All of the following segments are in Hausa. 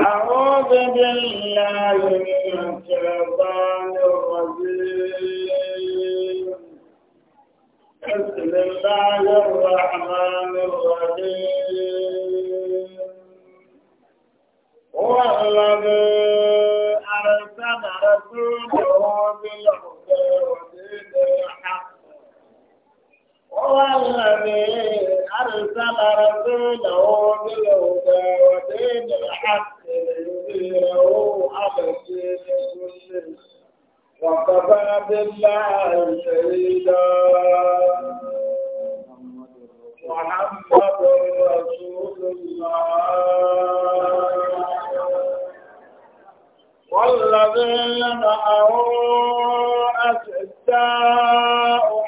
أعوذ بالله من الشيطان الرجيم بسم الله الرحمن الرحيم هو الذي أرسل رسوله بالهدى na-amịrị ndị ahụ ma Ọ arụaaanalaaaaeụ aụa anaaaaaụtaa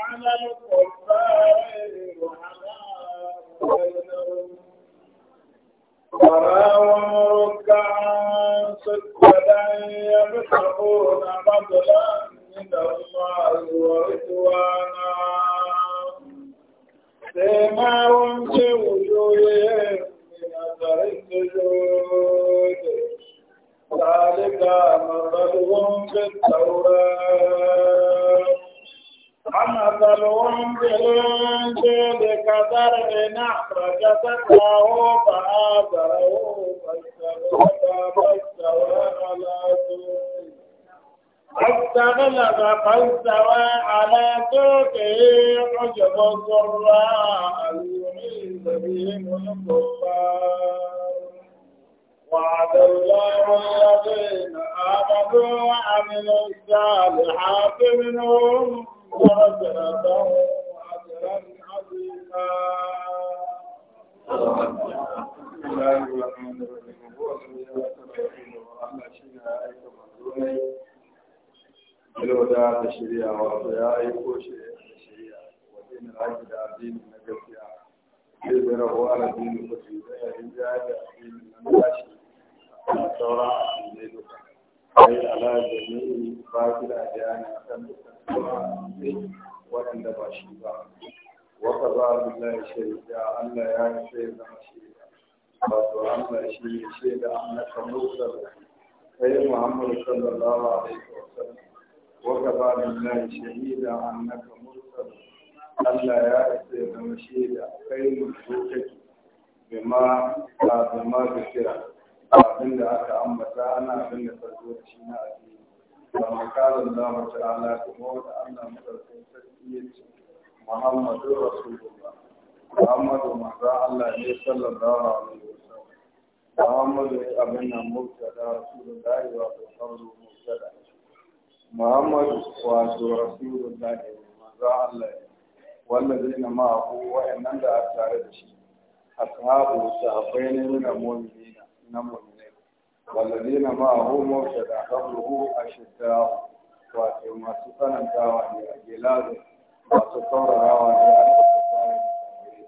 وراهم ركعا سجدا يبتغون فضلا من الله ورضوانا سيماهم في وجوههم من اثر السجود ذلك مثلهم في التوراه فمثلهم بالإنجيل كزرع أخرج سقاه فآزره فاستغلظ على سوقه فاستغلظ فاستوى على سوقه حجب الضراء يميز بهم الكفار وعد الله الذين آمنوا وعملوا الصالحات منهم ورجل له أجرا عظيما بسم الله الرحمن الرحيم هو الذي أرسل رسوله على شيعة كمسلومي بالهدى الشريعة وأضياء كوشي الشريعة ودين العبد الدين النجسي يظهره على دين القدس يجاهد الدين النجاشي الثورة الدين القدس ai ala jami'i batil adiyani akan dukkan waɗanda ba shi ba Allah ya sai zama shaida wato Allah shi ne shaida annaka mursal kai Muhammad sallallahu Allah ya sai zama shaida kai bima da kira abin da aka ambata ana abin da farko da shi na addini ba makarar da mu ta ala kuma wanda Allah madaukakin sarki ya ce Muhammadu Rasulullah Muhammadu maza Allah ne sallallahu alaihi wasallam Muhammadu abin nan mubtada Rasulullah wa sallallahu mubtada Muhammadu wato Rasulullah maza Allah Wanda zai والذين معه da أنت أتعرض شيء أصحابه ne nuna المؤمنين mu'minai walladina ma'ahu mawjada qabluhu ashiddahu wato masu tsanantawa ne a gelazo masu taurarawa ne a tsakanin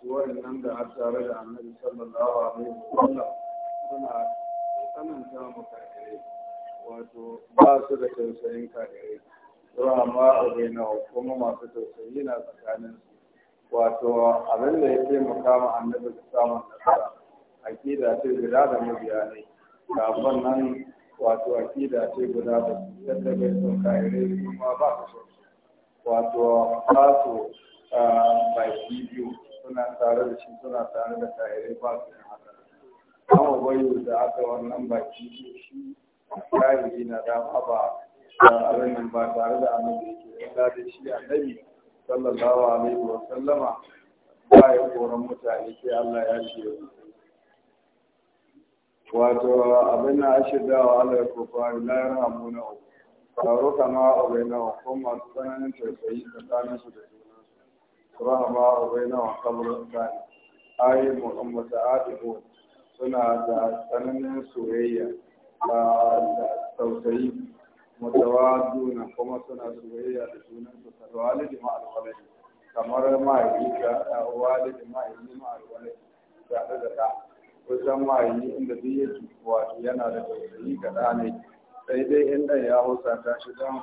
su waɗannan da har tare da annabi sallallahu alaihi wasallam suna tsananta makarai wato ba su da tausayin kare. kakirai amma a bainahu kuma masu tausayi na tsakanin su wato abin da ya taimaka ma annabi da samun nasara aƙida ce guda da mabiya ne kafin nan wato aƙida ce guda da yadda bai son kayarai kuma ba ka so wato ba su baki biyu suna tare da shi suna tare da kayarai ba su yin haka an wayo da aka wannan baki biyu shi kayarai na dama ba abin ba tare da annabi ke da shi annabi sallallahu alaihi wa sallama ba ya koran mutane sai Allah ya ce wato abin na da wa ala kufari la yarhamu na uku taro kama obai na ko masu tsananin tausayi tsakanin su da junan su rahama obai na kamar tsani ayi muhammad adibu suna da tsananin soyayya da tausayi juna kuma suna soyayya da junan su walidi ma ma'alwalai kamar ma'aikata walidi ma'aikata ma'alwalai tare da ɗa kusan ma'ayi inda zai yake wato yana da tausayi ga ɗanai sai dai in ɗan ya hausa ta shi don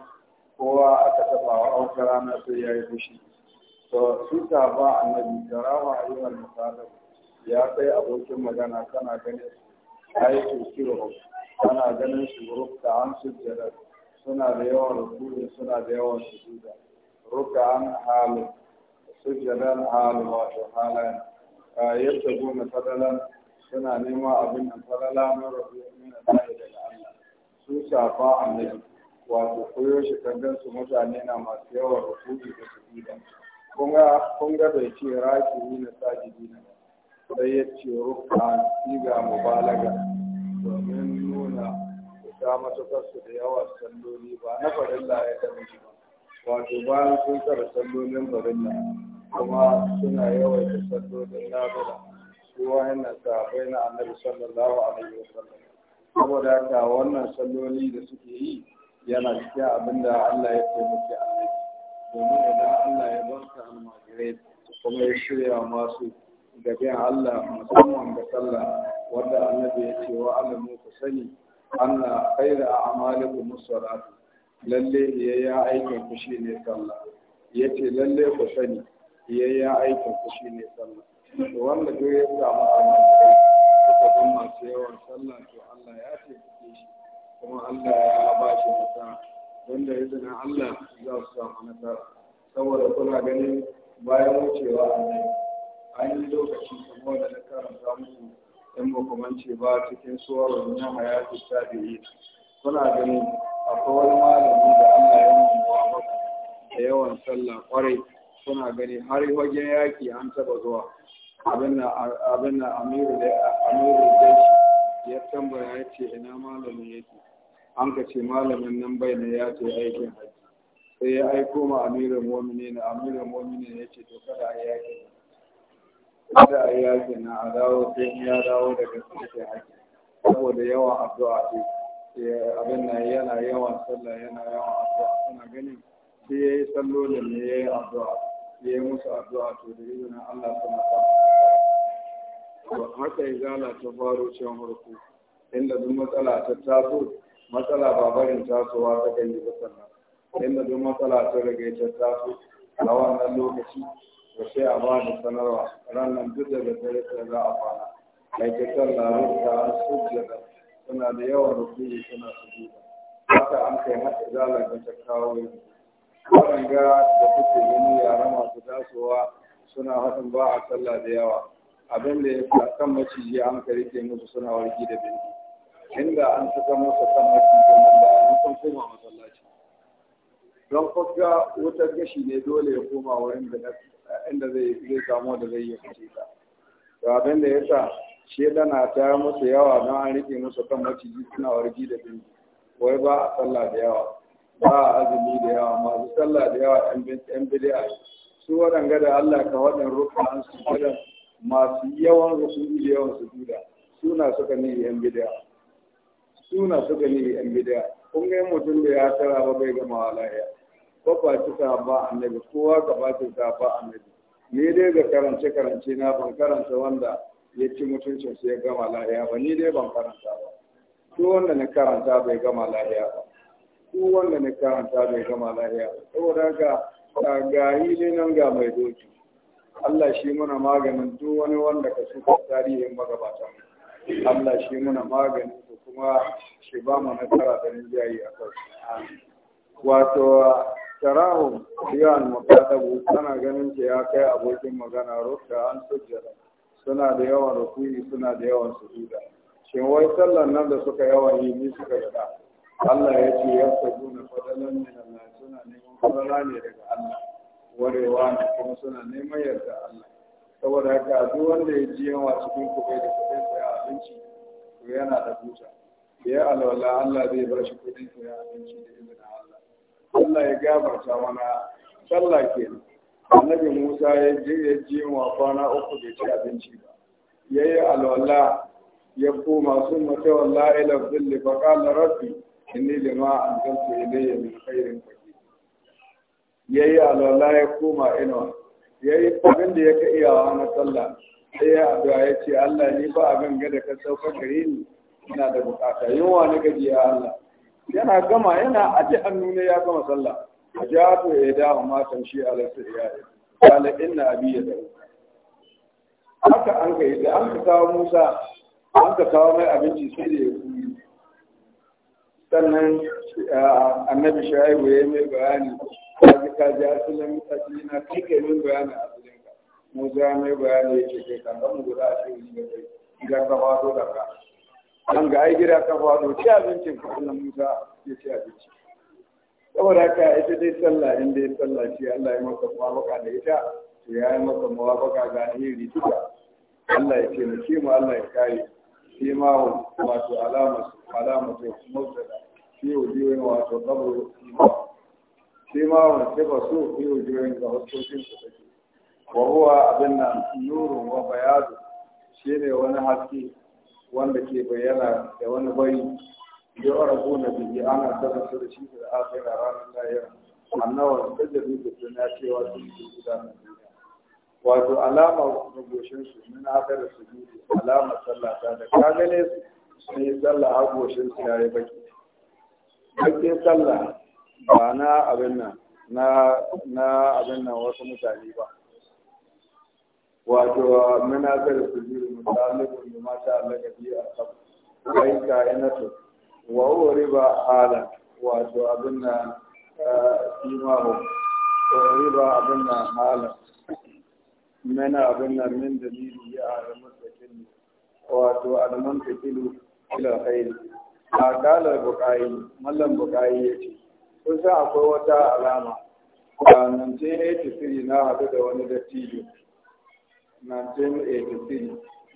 kowa aka taɓa wa auka rana sai ya yi fushi to su ta ba annabi jarawa a wa misalin ya kai abokin magana kana ganin aiki kiro kana ganin su rufta an sujjada suna da yawan rukuni suna da yawan sujuda rufta an halin sujjadan halin wato halayen yadda goma fadalan suna nema abin da farala na rabu min Allah daga Allah su shafa annabi wato koyo shi su mutane na masu yawa rukuki da su kun ga kunga bai ce raki ni na saji dina sai ya ce rukka siga mubalaga domin nuna ta matukar su da yawa salloli ba na farilla ya tabi ba wato bayan sun tsara sallolin farilla kuma suna yawaita sallolin nafila su wayannan sahabbai na annabi sallallahu alaihi wasallam saboda haka wannan salloli da suke yi yana cikin abin da Allah ya taimaki annabi domin idan Allah ya ba su almajirai kuma ya shirya masu da bin Allah musamman ga sallah wanda annabi ya ce wa alamu ku sani anna khairu a'malikum as-salatu lalle ya aikin ku shine sallah yace lalle ku sani ya aikin ku shine sallah wanda duk ya samu annabi suka bin masu yawan sallah to Allah ya taimake shi kuma Allah ya ba shi nasara don da izinin Allah za su samu nasara saboda kuna ganin bayan wucewa an yi lokaci kamar na karanta 'yan in ba ku mance ba cikin suwarar na da tabi'i kuna ganin akwai wani malami da Allah ya mamuwa da yawan sallah kwarai kuna gani har wajen yaki an taɓa zuwa abin na amiru da amiru ya tambaya ya ce ina malamin yake an ka ce malamin nan bai ne ya ce aikin haji sai ya aiko ma amirin momini na amirin mominin ya ce to kada a yakin kada a yakin na a dawo sai ya dawo daga sarkin haji saboda yawan addu'a ce abin na yana yawan sallah yana yawan addu'a suna ganin sai ya yi sallolin ne ya yi addu'a ya yi musu addu'a to da izinin Allah suna samu haka izala ta faro can harko inda duk matsala ta taso matsala ba barin tasowa ta gani ba sannan inda duk matsala ta rage ta taso a wannan lokaci ba sai a ba da sanarwa ranar duk da dare ta za a fara mai kitar larurta an sujjada suna da yawan rukuni suna Ba haka an kai haka izalar ga ta kawo yanzu waɗanda da kuke gani yara masu tasowa suna haɗin ba a sallah da yawa abin da ya sa kan maciji an ka rike musu suna wargi da bindi inda an saka masa kan maciji nan da an san koma masallaci don kuka wutar gashi ne dole ya koma wurin da inda zai zai samu da zai yi fice ta to abin da ya sa dana ta musu yawa don an rike musu kan maciji suna wargi da bindi wai ba a sallah da yawa ba a azumi da yawa masu sallah da yawa yan bid'a su waɗanga da Allah ka waɗin rukunan su waɗin masu yawan rasuli da yawan sujuda suna suka ne yan bid'a suna suka ne yan bid'a kun ga mutum da ya tara ba bai gama walaya ba ba ci ta ba annabi kowa ga ba ci ta ba annabi ni dai ga karance karance na ban karanta wanda ya ci mutuncin su ya gama lahiya ba ni dai ban karanta ba ko wanda ne karanta bai gama lahiya ba ko wanda ne karanta bai gama lahiya ba saboda ga yi ne nan ga mai doki Allah shi muna maganin duk wani wanda ka suka tarihin magabata Allah shi muna maganin su kuma shi ba mu nasara da rinjaye a kansu wato tarahu yawan makadabu tana ganin ce ya kai abokin magana rukka an sujjada suna da yawan rukuni suna da yawan sujuda shin wai sallar nan da suka yawan yi ni suka gada Allah ya ce ya na fadalan min Allah suna neman fadala ne daga Allah warewa na kuma suna neman yarda Allah saboda haka duk wanda ya ji yawa cikin ku bai da kuɗin sai abinci to yana da buta ya alwala Allah zai ba shi kuɗin sai abinci da izinin Allah Allah ya gafarta mana sallah kenan annabi Musa ya je ya ji yawa kwana uku bai ci abinci ba yayi alwala ya koma sun mata wallahi la zilli fa qala rabbi inni lima anzalta ilayya min khairin faqir ya yi alwala ya koma inuwa ya yi abin da ya ka iyawa na sallah sai ya addu'a ya ce Allah ni ba abin ga da ka sauka gare ni ina da bukata yunwa na gaji ya Allah yana gama yana aje hannu ne ya gama sallah a ja to ya shi a tamshi ala sirriya qala inna abi ya da haka an ga da an ka kawo Musa an ka kawo mai abinci sai da ya kuri sannan annabi Shu'aibu ya yi mai bayani ka ji asalin asalina kai kai min bayanin asalin ka mu za mai ya ce kai kan mu guda a cikin shi kai idan ka fado da ka an ga ai gida ka fado ci abincin ka Allah Musa ya ci abinci saboda haka ita dai sallah in dai sallah shi Allah ya maka mawaka da ita to ya yi maka mawaka ga alheri duka Allah ya ce mu mu Allah ya kare shi ma wato alamatu alamatu mawtada shi wajiyoyin wato kabarin shi Sai ma wace ba su fi wujurin ga hukuncin su take wa huwa abin nan nurun wa bayadu shi ne wani haske wanda ke bayyana da wani bari ya rabu na biyu ana sanar su da shi da akhira ranar lahira annawa sajjadu da duniya cewa sun ke gudanar duniya wato alama goshin su min haka da su biyu alama sallah ta da ka gane su sai sallah har goshin su yayi baki bakin sallah ba na abin nan na abin nan wasu mutane ba wato munazar sujud mutalibun bi ma ta allaka bi ka ina to wa wuri ba ala wato abin nan ho wuri ba abin nan hala mana abin nan min ni ya alamar sakin wato alamar sakilu ila khairi a kala bukai mallam bukai ya ce kun san akwai wata alama a 1983 na haɗu da wani dattijo 1983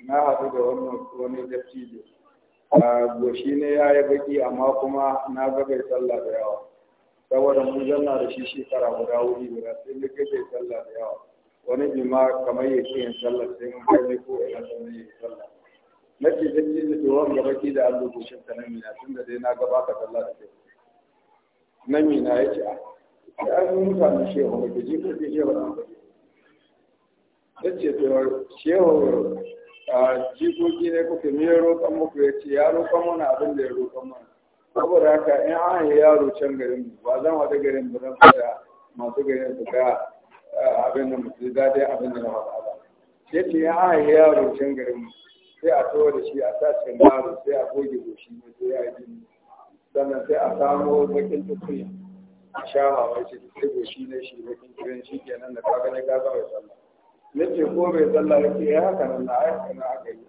na haɗu da wani dattijo a goshi ne ya yi baki amma kuma na gabai sallah da yawa saboda mun zanna da shi shekara guda wuri guda sai kai gabai sallah da yawa wani jima kamar ya ke yin sallah sai mun kai ne ko ina sannan ya yi sallah na ce dattijo da tsohon gabaki da allo goshin ta na tun da dai na gabata sallah da kai na mina ya ce a ah, an yi mutane shehu ba ke ji ko ke shehu na ta ce to shehu a jikoki ne kuke me roƙon muku ya ce ya roƙon mana abin da ya roƙon mana saboda haka in an yi yaro can garin mu ba zan wata garin mu zan fada masu garin su ga abin da mutu da dai abin da na faɗa ba ya ce in an yi yaro can garin mu sai a tsawo da shi a sa can yaro sai a goge goshi sai ya yi sannan sai a samu bakin tukuri a sha ce shi sai shi ne shi bakin tukurin shi ke nan da ka ne ka zama sallah ce ko bai sallah ke ya eh, haka nan na ayyuka na aka yi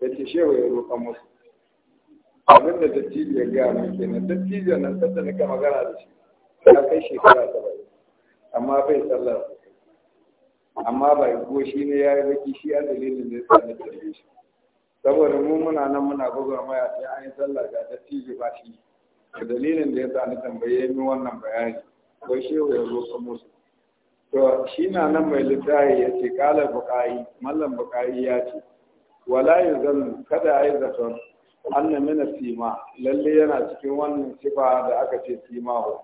yace shi ya roƙa musu abin da dattijo ya gaya min kenan dattijo nan sanda nake magana da shi ya kai shekara ta bai, amma bai sallah amma bai shi ne ya yi baki shi a dalilin da ya sa na tarbe shi saboda mu muna nan muna gwagwarmaya sai an yi sallah ga dattijo ba shi da dalilin da ya sa ni tambaye ni wannan bayani ko shi ya zo su musu to shi na nan mai littafi ya ce kala buƙayi mallam buƙayi ya ce wala yuzan kada ai zaton anna min sima lalle yana cikin wannan sifa da aka ce simahu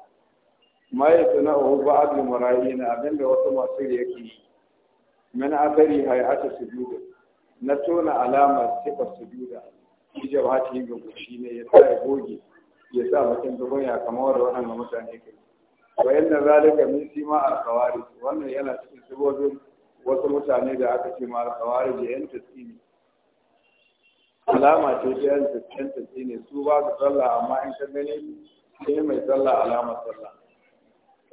ma ya tana wa ba'd murayina abinda wasu masu yake yi min asari hay'atu sujud na tona alamar sifa sujuda hijab hati ga gushi ne ya tsaya goge ya sa mutum kunya kamar da waɗanda mutane ke wa yadda zalika min sima a kawari wannan yana cikin sabobin wasu mutane da aka ce ma kawari da yan ne. alama ce ta yan ne su ba su sallah amma in ka gani ne mai sallah alama sallah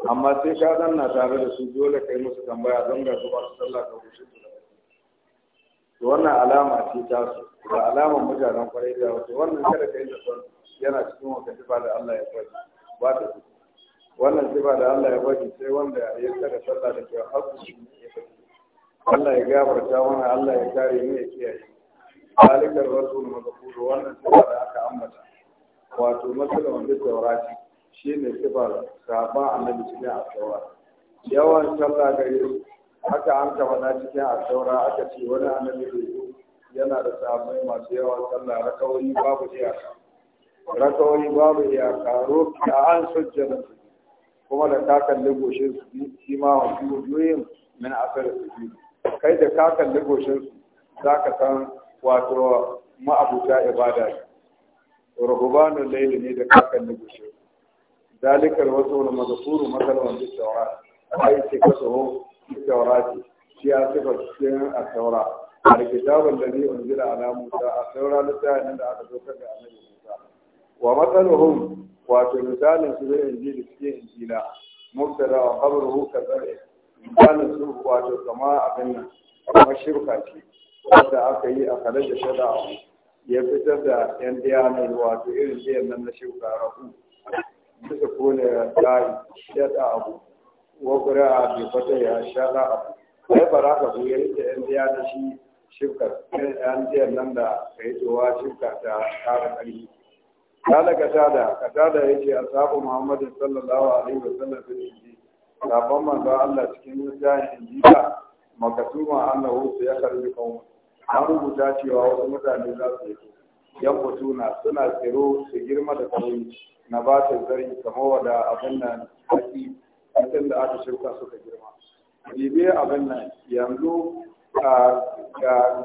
amma sai ka zanna tare da su dole kai musu tambaya don ga su ba su sallah ka rushe su da wannan alama ce ta su da alaman mutanen kwarai da wasu wannan kada kai da sallah yana cikin wata sifa da Allah ya faɗi ba ta su wannan sifa da Allah ya faɗi sai wanda ya tsara sallah da ke ne ya tafi. Allah ya gafarta wani Allah ya kare mu ya kiyaye zalikar rasul mazkur wannan sifa da aka ambata wato masalan da taurati shine sifar sahaba annabi cikin asawa yawan sallah da yi haka an na cikin asawa aka ce wani annabi yana da samun masu yawan sallah rakawoyi babu iyaka rakawai babu iyaka rokiya an sujjada kuma da ka kalli goshin su shi ma wa biyoyin min asar su kai da ka kalli goshin su za ka san wato ma'abuta ibada ne rahubanun laili ne da ka kalli goshin su dalikar wasu wani mazakuru matsalwan duk taura ai ce ka tsoho duk taura ce shi ya sifa cikin a saura. a rikitabin da ne unzila ala musa a taura littafin da aka zo ga annabi wa matsaluhum wato misalin su zai suke cikin injila mubtada wa kabar ka tsare misalin su wato kama abin nan kuma shirka ce wanda aka yi a kare da shada ya fitar da yan mai wato irin diyan nan na shirka rafu suka kone tsari shada abu wa a bi fata ya shada abu sai baraka ku ya da yan da shi shirka yan daya nan da kai towa shirka ta kara ƙarfi kala da yake a ashabu muhammadin sallallahu alaihi wa wasallam fil injil sabon manzo Allah cikin jika littafin injila makatuma ya sayakhrij qawm an rubuta cewa wasu mutane za su yi yankutuna suna tsiro su girma da kauyi na ba ta zari kamar da abin nan haƙi mutum da aka shirka suka girma jibe abin nan yanzu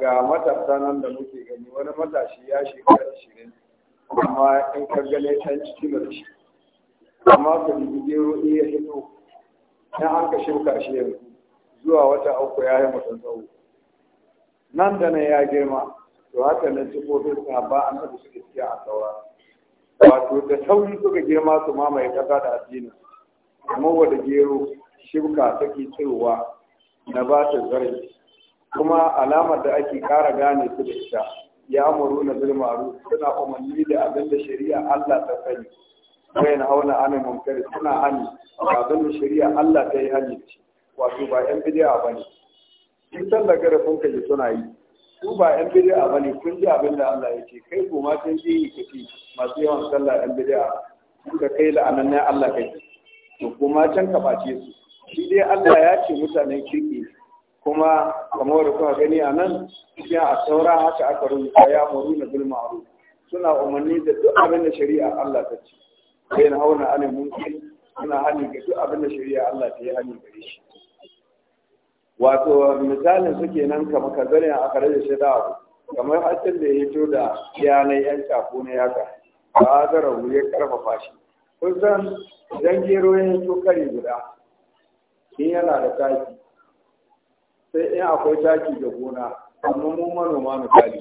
ga matasa nan da muke gani wani matashi ya shekara ashirin amma in kargale ta yi ciki mace amma ka bibi gero iya hito na an ka shirka shi yanzu zuwa wata uku ya yi mutum tsawo nan da nan ya girma to haka nan kofin sa ba an taɓa suke cikin a saura wato da sauri suka girma su mamaye ƙasa da addinin amma wada gero shirka ta ke tsirowa na ba ta zarafi kuma alamar da ake ƙara gane su da ita ya amuru na bil ma'ruf suna umarni da abin da shari'a Allah ta sani na hauna ana munkari suna hani abin da shari'a Allah ta yi hani wato ba yan bid'a bane duk san da garafin ka ji suna yi su ba yan bid'a bane kun ji abin da Allah ya ce kai ko ma san ji kace masu yawan sallah yan bid'a kuka kai la'anan Allah kai to kuma can ka bace su shi dai Allah ya ce mutanen kirki kuma kamar da kuka gani a nan cikin a saura haka aka rubuta ya muru na bil ma'ruf suna umarni da duk abin da shari'a Allah ta ce sai na hauna ana munkin suna hani ga duk abin da shari'a Allah ta yi hani gare shi wato misalin su kenan kama kazarin a kare da shaidawa kamar hatsin da ya hito da yanayi yan cafo na yaka ba a zara ya karfafa shi san idan gero ya hito kare guda in yana da taki sai in akwai taki da gona amma mu manoma misali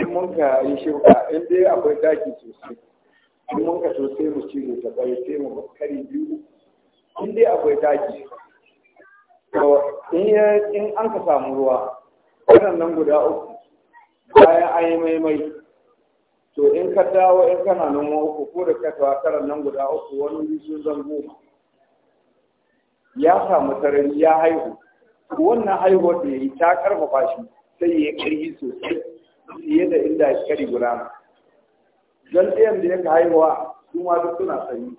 in mun ka yi shirka in dai akwai taki sosai in mun ka sosai mu cire ta bai sai mu kari biyu in dai akwai taki to in an ka samu ruwa waɗannan guda uku bayan an yi maimai to in ka dawo in kana noma uku ko da ka tawa karan nan guda uku wani wuri sun zan goma ya samu sarari ya haihu wannan haihuwar da ya yi ta karfafa shi sai ya karfi sosai fiye da inda ya kari na don ɗayan da ka haihuwa su ma duk suna sanyi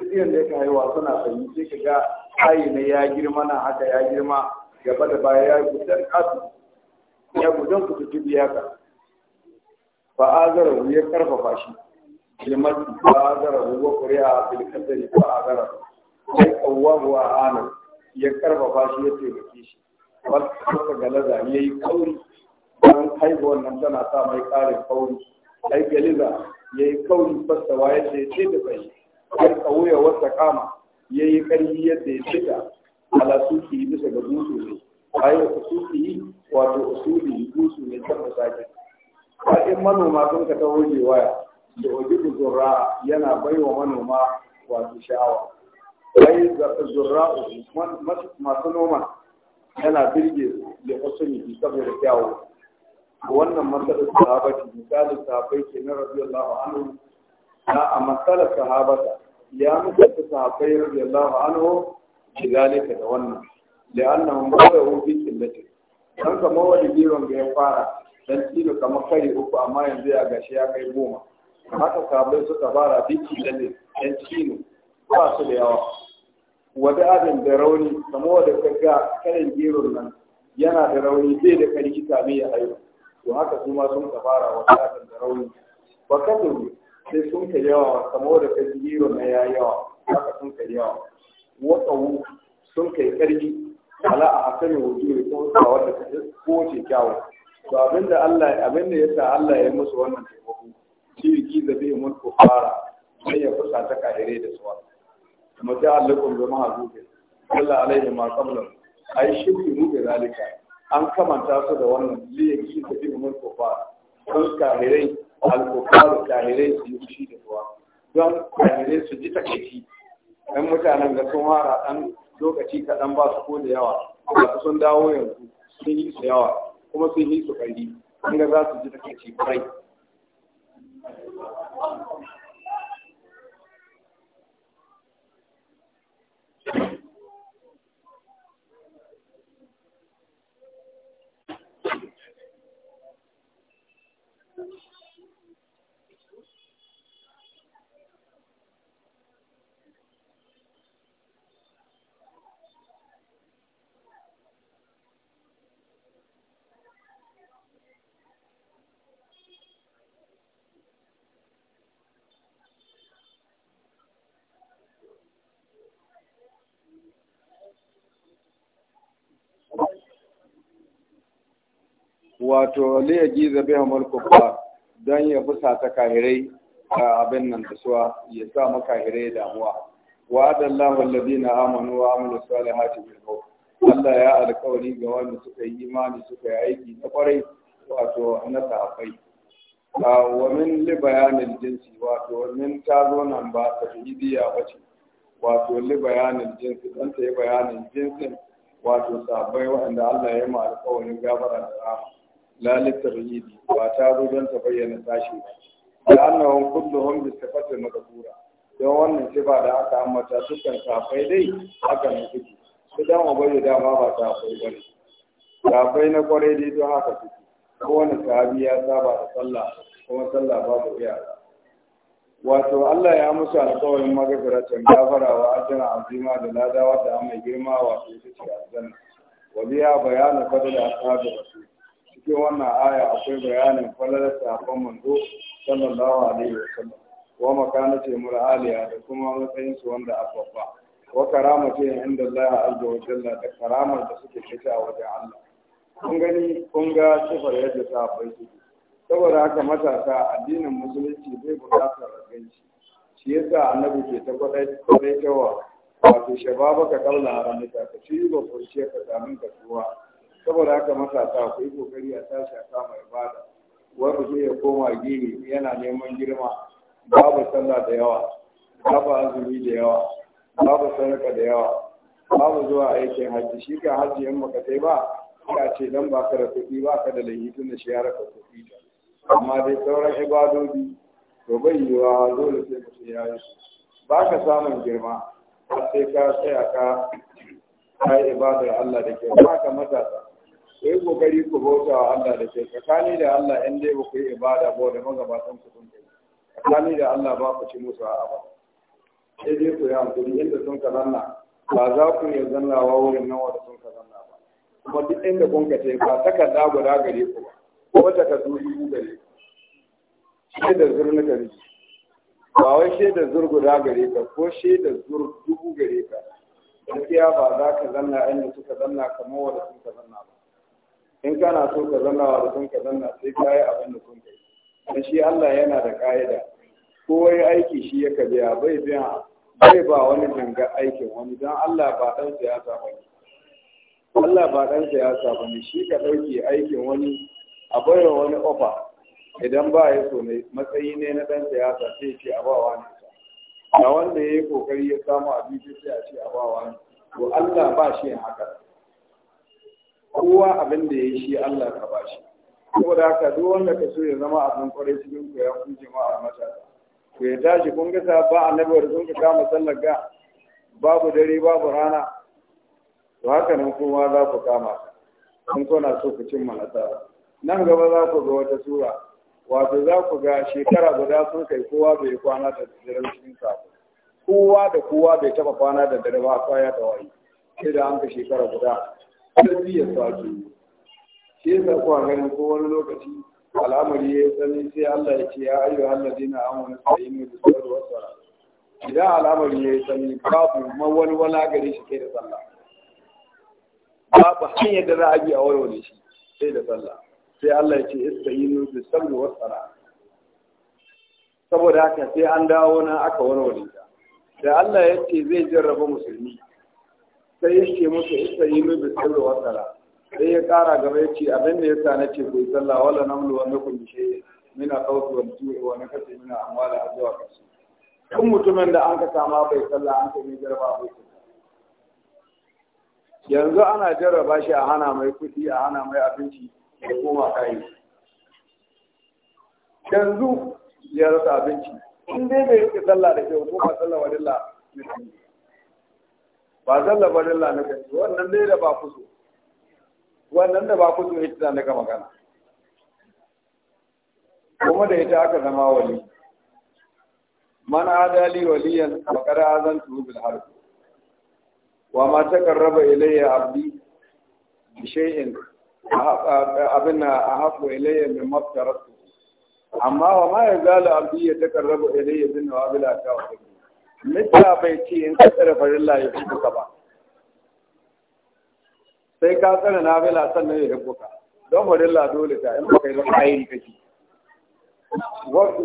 ɗayan da ka haihuwa suna sanyi sai ka ga ayi na ya girma na haka ya girma gaba da baya ya gudan kasu ya gudan ku tutu biya ka fa azara ya karfafa shi zara fa azara wa qur'a bil a fa azara ay qawwa wa anan ya karfafa shi ya taimake shi wata galaza ya yi kauri don haihuwar nan tana sa mai karin kauri ai galiza ya yi kauri fasawa ya ce ce da bai har kauye wata kama ya yi karfi yadda ya ce da ala suki bisa ga dutse ne ai suki wato usuli dutse ne kan da sake manoma sun ka ta waya da wajibu zurra yana baiwa manoma wato sha'awa wai zurra'u masu noma yana birge da wasu husuni saboda kyawu wannan matsalar sahabati misali sahabai ke na radiyallahu anhu na a matsalar sahabata ya mutunta sahabai radiyallahu anhu da zalika da wannan da annan bada hufi killace dan kamar wani biron da ya fara dan tilo kamar kai uku amma yanzu ya gashi ya kai goma haka sahabai suka fara biki da ne dan tilo ba su da yawa wada abin da rauni kamar wada kaga kalin geron nan yana da rauni zai da karfi same ya haihu to haka su ma sun ka fara wada abin da rauni ba kasu sai sun ka yawa kamar wada kaji geron na ya yawa haka sun ka yawa watsawu sun kai karfi ala a hasanin ne, ko a wadda ko ce kyawu to abinda Allah abinda yasa Allah ya musu wannan taimako shi yi gizabe mun fara, sai ya fusa ta kahire da suwa muta'alliqun bi ma'zubi illa alayhi ma qabla ay shirki mu da zalika an kamanta su da wannan liyaki da bi mun kofa don kahirai al-kufar kahirai su yi shi da kuwa don kahirai su ji takaici Dan mutanen da sun fara ɗan lokaci kaɗan ba su ko da yawa ba sun dawo yanzu sun yi su yawa kuma sun yi su ƙari an za su ji takaici ƙwarai wato liya giza bai hamar kufa don ya fusa ta kahirai a abin nan da suwa ya sa makahirai damuwa wa adallahu na amanu wa amilu salihati bil Allah ya alkawari ga wanda suka yi imani suka yi aiki na kwarai wato na safai wa min li bayanin jinsi wato min ta zo nan ba ta ba ce. wato li bayanin jinsi dan ta yi bayanin jinsin wato sabai wanda Allah ya yi ma alkawarin gabara da rahama lalitar yidi ba ta zo don ta bayyana tashi ba da annahun kulluhum bi sifati madhkura don wannan sifa da aka ambata dukkan safai dai aka ne kike su dan ubayi dama ba safai bane safai na kwarai dai don haka ko kowane sahabi ya saba da sallah kuma sallah babu iyaka wato Allah ya musu alƙawarin magabaratin gafara wa ajiyar azima da ladawa da mai girma wato ita ce aljanna wa biya bayanin fadila ashabi rasul cikin wannan aya akwai bayanin falalar sahabban manzo sallallahu alaihi wasallam wa makanati mur'aliya da kuma matsayin su wanda a babba wa ce inda Allah azza wa jalla da karamar da suke fita a wajen Allah kun gani kun ga sifar yadda bai su. saboda haka matasa addinin musulunci bai buƙatar ganci shi yasa annabi ke ta kawai. wato shababaka kabla haramika ka ci ba kurciya ka samu kasuwa saboda haka matasa ku yi kokari a tashi a kama ibada wanda zai ya koma gini yana neman girma babu sallah da yawa babu azumi da yawa babu sarka da yawa babu zuwa aikin hajji shi ka hajji yan baka sai ba ka ce dan baka da kuɗi ka da lahi tun da shi ya raka kuɗi amma dai sauran ibadodi to bai yiwuwa dole sai mutum ya yi ba ka samun girma har sai ka tsaya ka kai ibadar Allah da ke? ba ka matasa ku yi kokari ku bauta wa Allah da ke tsakani da Allah in dai ba ku yi ibada ba da magabatan ku sun kai tsakani da Allah ba ku ci musu a ba sai dai ku yi hankali inda sun ka zanna ba za ku iya zannawa wurin nan wanda sun ka zanna ba kuma duk inda kun ka ce ba takarda guda gare ku ba ko takardu dubu gare ku da zur na gare ku ba wai da zur guda gare ka ko da zur dubu gare ka gaskiya ba za ka zanna inda suka zanna kamar wanda sun ka zanna ba in kana so ka zanna wa da ka zanna sai ka yi abin da kun kai dan shi Allah yana da ka'ida ko wai aiki shi ya biya bai biya bai ba wani danga aikin wani dan Allah ba dan siyasa ba ne Allah ba dan siyasa ba ne shi ka dauki aikin wani a bayar wani ofa idan ba ya so ne matsayi ne na dan siyasa sai ce a ba wani ga wanda ya yi kokari ya samu abinci sai a ce a ba wani to Allah ba shi haka kowa abin da ya shi Allah ka ba shi saboda haka duk wanda ka so ya zama abin kwarai cikin ku ya ku jama'a matasa ku ya tashi kun ga ba annabi wa sun ka kama sallar ga babu dare babu rana to haka nan kuma za ku kama kun kuna so ku cimma nasara nan gaba za ku ga wata sura wato za ku ga shekara guda sun kai kowa bai kwana da daren cikin sa kowa da kowa bai taba kwana da dare ba kwaya da wani. sai da an ka shekara guda sarki ya sake shi ya kuwa ganin ko wani lokaci al'amari ya yi tsanani sai Allah ya ce ya ayyu halladina amanu sa'inu bi da wa sala idan al'amari ya yi tsanani babu ma wani wala gare shi sai da sallah babu hanyar da za a bi a wani shi sai da sallah sai Allah ya ce istayinu bi sabr wa sala saboda haka sai an dawo na aka warware ta da Allah ya ce zai jarraba musulmi sai ya ce musu isa yi mai bisin da wasara sai ya kara gaba ya ce abin da ya sa na ce ku yi sallah wala namlu wa nakum bi shay'in mina qawli wal ju'i wa nakati mina da zuwa kasu kan mutumin da an ka sama bai sallah an ka yi jarba bai yanzu ana jarraba shi a hana mai kuɗi a hana mai abinci da koma kayi yanzu ya rasa abinci in dai bai rike sallah da kyau ko ba sallah wadilla ne ba zalla barilla na wannan dai da ba ku so wannan da ba ku so ita na ga magana kuma da ita aka zama wali man adali waliyan faqad azantu bil harb wa ma taqarraba ilayya abdi bi shay'in abin ahabu ilayya min maftaratu amma wa ma yazalu abdi yataqarrabu ilayya bin nawabila ta'awudi Mista bai ce in ka tsare farin ya fi ka ba. Sai ka tsare bila sannan ya ka Don farilla dole ta in ka yi don ayiri kake.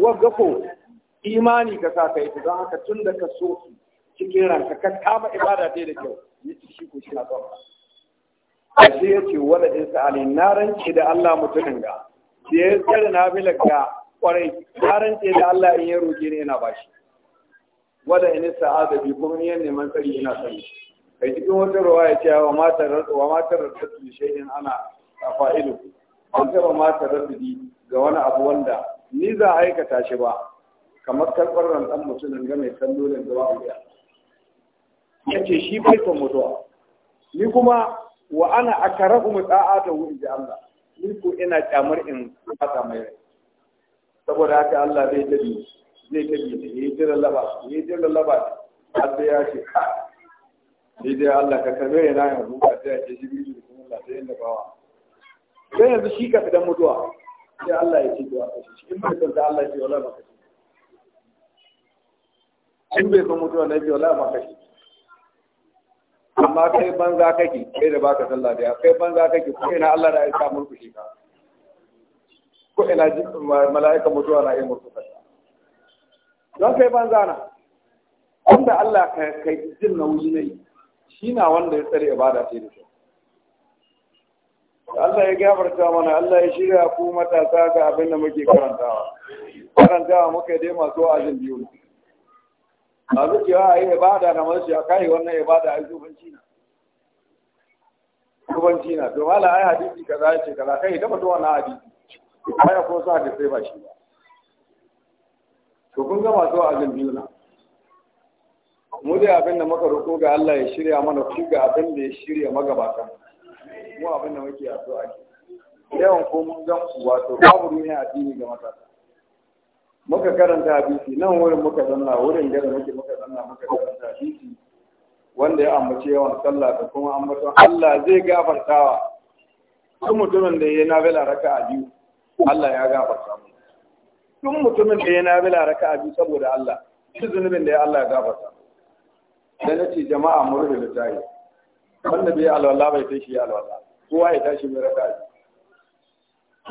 Wagga ko imani ka sa kai don haka tun da ka so su cikin ranka ka kama ibada dai da kyau ya ci shi ko shi na tsawon. ce ya ce Wani in sa'ali na ranci da Allah mutumin ga. Da ya tsare nafilar ga kwarai na ranci da Allah in ya roƙe ne yana ba shi. wala in sa'ada bi kuma ni neman tsari ina tsari kai cikin wata ruwaya ce wa matar wa matar rasul shay'in ana fa'ilu an taba matar rasul ga wani abu wanda ni za a aikata shi ba kamar karɓar rantsan mutumin ga mai sallolin zuwa wuya ya ce shi bai son mutuwa ni kuma wa ana a kara kuma tsa'a ta wuri da Allah ni ko ina kyamar in fata mai rai saboda haka Allah zai tabi zai ta ne ya yi eh, jiran laba ya eh, yi jiran laba a sai ya ce ka sai dai Allah ka karbe ya na yanzu ba sai ya ce da kuma Allah sai inda bawa sai yanzu shi ka fidan mutuwa sai Allah ya ce duwa kashi shi in bai san ta Allah ya ce wala ba kashi in bai san mutuwa na ce wala ba kashi amma kai banza kake kai da baka sallah da kai banza kake ko ina Allah da ya sa mulku ka ko ina mala'ika mutuwa na yin mulku don kai banza na wanda Allah ka kai jin nauyi ne shi na wanda ya tsare ibada sai da shi Allah ya gafarta mana Allah ya shirya ku matasa ga abin da muke karantawa karantawa muka dai masu wa'azin biyu a zuciya a yi ibada na masu a kai wannan ibada a yi zubanci na zubanci na to mala ai hadisi kaza ya ce kaza kai da mutuwa na hadisi ai ko sa da sai ba shi ba to kun ga masu wa'azin biyu na mu dai abin da muka roƙo ga Allah ya shirya mana ku ga abin da ya shirya magabatan mu abin da muke a so ake yawan ko mun gan wato babu ruhin addini ga matasa muka karanta hadisi nan wurin muka zanna wurin da muke muka zanna muka karanta hadisi wanda ya ambace yawan sallah da kuma ambaton Allah zai gafartawa Su mutumin da ya yi nafila raka'a biyu Allah ya gafarta mu Tun mutumin da ya nafila raka biyu saboda Allah shi zunubin da ya Allah ya Da na ce jama'a muru da littafi wanda bai alwala bai shi ya alwala kowa ya tashi mai raka raka'a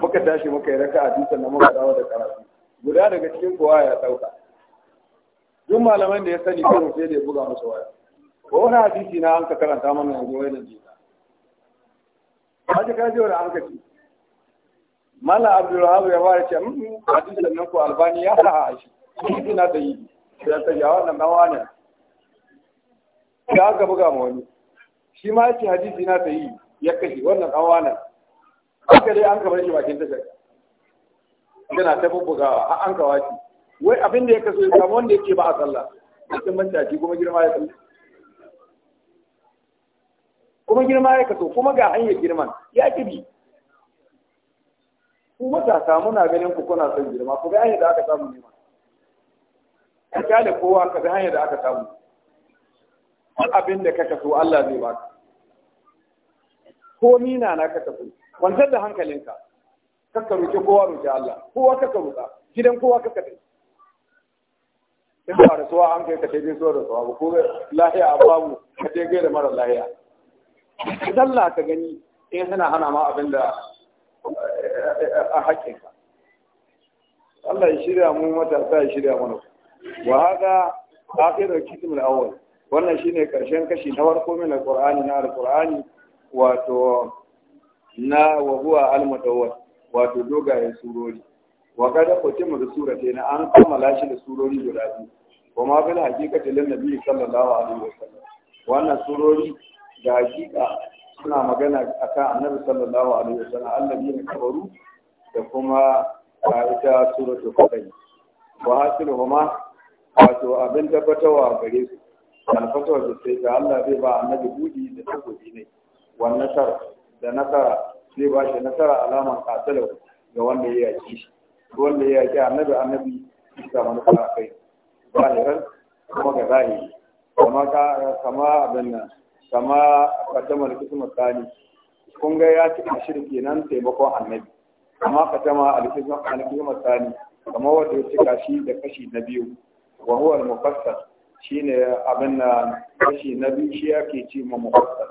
muka tashi muka yi raka biyu sannan muka dawo da karatu guda daga cikin kowa ya ɗauka. duk malaman da ya sani kan sai da ya buga musu waya ko wani hadisi na an ka karanta mana yanzu wani jita ka kaji wani an ka ci mala abdulwahab ya fara ce mm, mm, hadisin nan ko albani ya sa shi ina da yi da ta jawa wannan dan wani ya ga buga mu wani shi ma ce hadisi na ta yi ya kashe wannan dan wani haka dai an kaba shi bakin tashar yana ta bugawa. A an kawaci wai abin da ya kaso ya samu wanda yake ba a sallah cikin mancaci kuma girma ya kai. kuma girma ya kaso kuma ga hanyar girman ya kibi ku matasa muna ganin ku kuna son girma ku ga hanyar da aka samu nema ka kyale kowa ka ga hanyar da aka samu wani abin da kaka so Allah zai baka ko nina na kaka so kwantar da hankalinka kaka roƙi kowa roƙi Allah kowa kaka roƙa gidan kowa kaka tafi in ba da suwa an kai ka tafi so da suwa ba ko lahiya a babu ka je da mara lahiya zalla ka gani in suna hana ma abin da a haƙƙinka Allah ya shirya mu matasa ya shirya mana wa hada da kitab al-awwal wannan shine karshen kashi na farko min al na al wato na wa huwa wato dogayen surori wa kada kutima da surate na an kammala shi da surori guda biyu kuma bil haqiqati lin nabi sallallahu alaihi wasallam wannan surori da haqiqa suna magana a kan annabi sallallahu alaihi wa sallam. allabi ne kabaru da kuma a ita suratul Ba wa huma wato abin a gare su alfatawa da sai ga Allah zai ba annabi budi da takobi ne wannan tar da nasara zai ba shi nasara alaman katalau ga wanda ya yaki shi wanda ya yaki annabi annabi isa manufa kai ran kuma ga zahiri kama abin nan kama katama alkisma tsani kun ga ya ci shirin kenan taimakon annabi kama katama alkisma tsani kama wanda ya cika shi da kashi na biyu wa huwa al-mufassal shine abin na kashi na biyu shi yake ce ma mufassal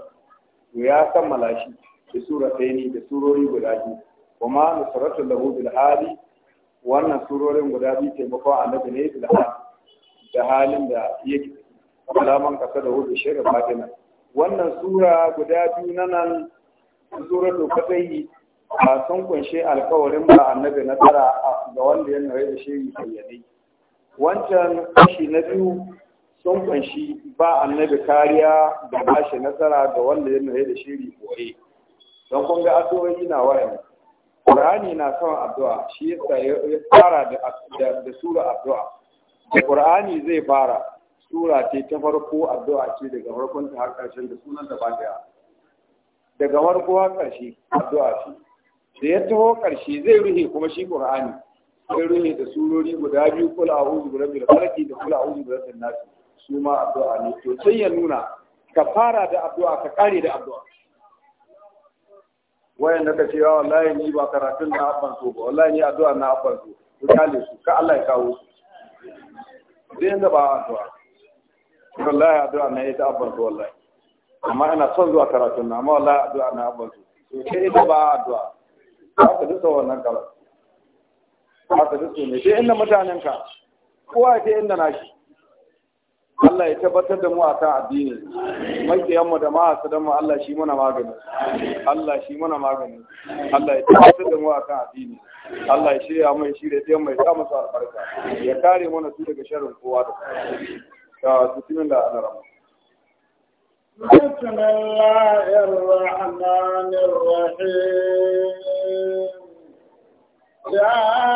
to ya kammala shi da sura tsaini da surori guda biyu kuma nusratul lahu bil hali wannan surorin guda biyu taimakon annabi ne bil hali da halin da yake alaman kasa da hudu shirin fatima wannan sura guda biyu na nan suratul fatahi a sun kunshe alkawarin ba annabi na tara ga wanda ya nare da shi bayyane wancan kashi na biyu sun kunshi ba annabi kariya da bashi nasara ga wanda ya nare da shiri kore don kun ga addu'o'i na wayan Qur'ani na son addu'a shi yasa ya fara da da sura addu'a da Qur'ani zai fara sura ce ta farko addu'a ce daga farkon ta har ƙarshen da sunan da ba da daga farko har ƙarshe addu'a ce da ya taho ƙarshe zai ruhe kuma shi Qur'ani sai ruhe da surori guda biyu kul a'udhu bi rabbil falaq da kul a'udhu bi rabbin nas su ma addu'a ne to sai ya nuna ka fara da addu'a ka kare da addu'a wayan da ka ce wallahi ni ba karatun na abban so ba wallahi ni addu'a na abban so ku kale su ka Allah ya kawo su zai ba addu'a wallahi addu'a na ita abban su wallahi amma ina son zuwa karatun na amma wallahi addu'a na abban su to ita ba addu'a za ka duka wannan karatu za ka duka ne sai inda mutanen ka kowa ya ce inda nashi Allah ya tabbatar da mu a kan addini makiyanmu da mu Allah shi muna magani Allah shi muna magani Allah ya tabbatar da mu a kan addini Allah ya shirya mai shirya ɗayan mai samun su albarka ya kare mana su daga sharin kowa da kowa بسم الله الرحمن بسم الله الرحمن الرحيم يا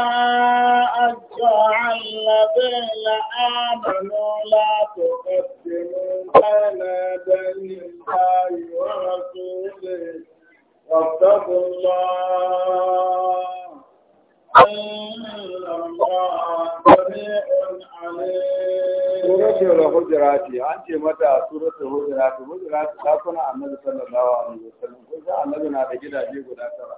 أيها الذين آمنوا لا تقدموا بين يدي الله ورسوله واتقوا الله Suratul Hujurati an ce mata suratul Hujurati Hujurati ta kuna annabi alaihi ko annabi na da gidaje guda tara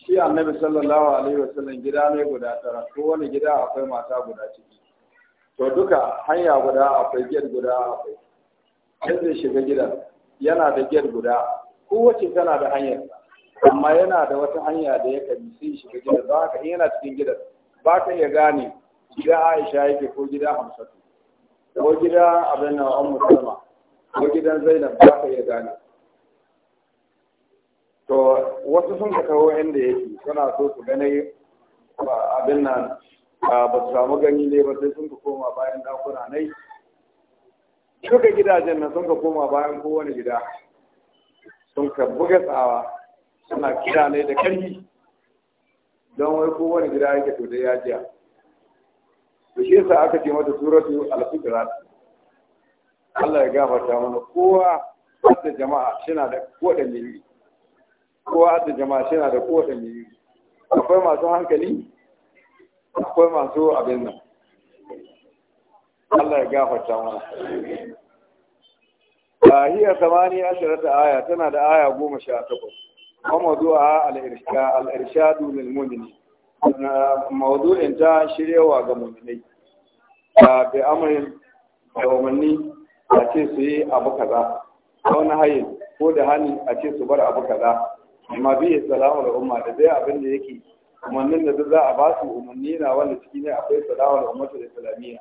shi annabi sallallahu alaihi wasallam gida ne guda tara ko wani gida akwai mata guda ciki to duka hanya guda akwai guda akwai shiga gidan yana da gate guda kowace tana da hanyar sa. amma yana da wata hanya da ya kan sai shiga gidan ba ka yana cikin gidan ba ka iya gane gida Aisha yake ko gida Hamsatu ko gida abin nan Musulma, ko gidan Zainab ba ka iya gane to wasu sun ka kawo inda yake suna so su gane abin nan ba su samu gani ne ba sai sun ka koma bayan dakuna nai duka gidajen nan sun ka koma bayan kowane gida sun ka buga tsawa suna kira ne da karfi don wai ko wani gida yake to dai ya jiya to shi yasa aka ce mata suratu al-fitrat Allah ya gafarta mana kowa da jama'a suna da kodanne ne kowa da jama'a suna da kodanne ne akwai masu hankali akwai masu abin nan Allah ya gafarta mana Bahiyar samaniya shirata aya tana da aya goma sha takwas. وموضوعها الارشاد للمؤمنين موضوع انت شريعة المؤمنين بأمر يومني أتي سي ابو كذا أو نهي ko da hani a ce su bar abu kaza amma bi ya salama umma da zai abin da yake umarnin da za a ba su umarni na wanda ciki ne akwai salawar da da islamiyya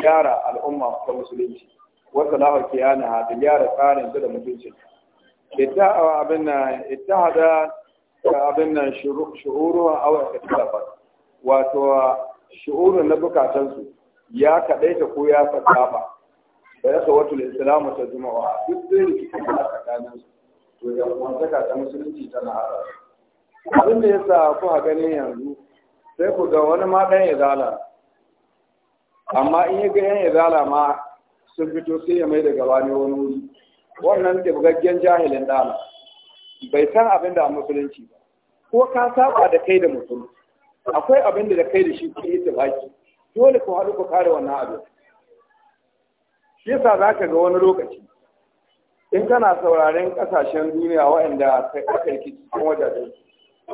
gyara al'umma ta musulunci wasu lawa kiyana da gyara tsarin da mutuncinta ita abin nan ita hada abin nan shu'uru a awar ikhtalafa wato shu'uru na bukatansu ya kaɗaita ko ya fasaba da ya sawatul islamu ta juma'a duk da rikici a tsakanin to da wanda ta musulunci tana hada abin da sa ku a ganin yanzu sai ku ga wani ma ɗan izala amma in ya ga yan izala ma sun fito sai ya mai da gaba ne wani wuri wannan ɗibgaggen jahilin ɗana bai san abin da a musulunci ba ko ka saba da kai da mutum akwai abin da kai da shi ke yi tafaki dole ku haɗu ku kare wannan abin shi yasa za ka ga wani lokaci in kana sauraren ƙasashen duniya waɗanda aka yi cikin wajaje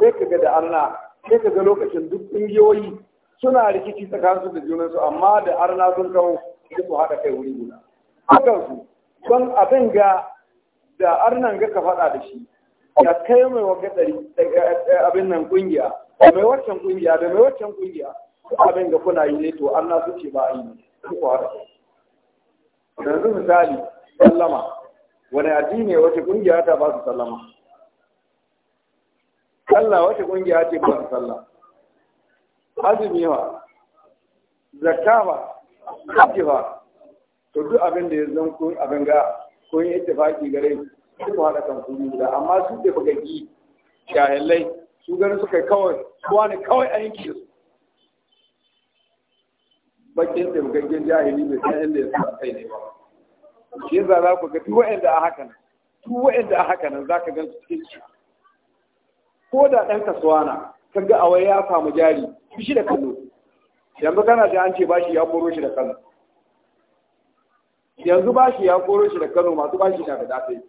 sai ka ga da Allah sai ka ga lokacin duk ƙungiyoyi suna rikici tsakaninsu da junansu amma da arna sun kawo sai ku haɗa kai wuri guda. Hakan su don abin ga da arnan ga ka faɗa da shi ya kai mai wa gadari eh, eh, abin nan kungiya da mai waccan kungiya da mai waccan kungiya abin ga kuna yi ne to na su ce ba a yi ne su kwara yanzu misali sallama wani addini wace kungiya ta ba su sallama sallah wace kungiya ce ba su sallah azumi wa zakka ba ba to duk abin da ya zan kun abin ga kun yi ittifaki gare su ku haɗa kan su guda amma su da baka yi jahilai su ganin suka kawai suwa ne kawai a yanki su bakin taimakon jahili mai san inda ya sa kai ne ba shi yasa za ku ga duk wa'anda a haka nan duk wa'anda a haka nan za ka gan su cikin shi? ko da ɗan kasuwa na kaga a wai ya samu jari shi da kallo yanzu kana da an ce bashi ya koro shi da kallo yanzu bashi ya koro shi da Kano masu bashi na da dafe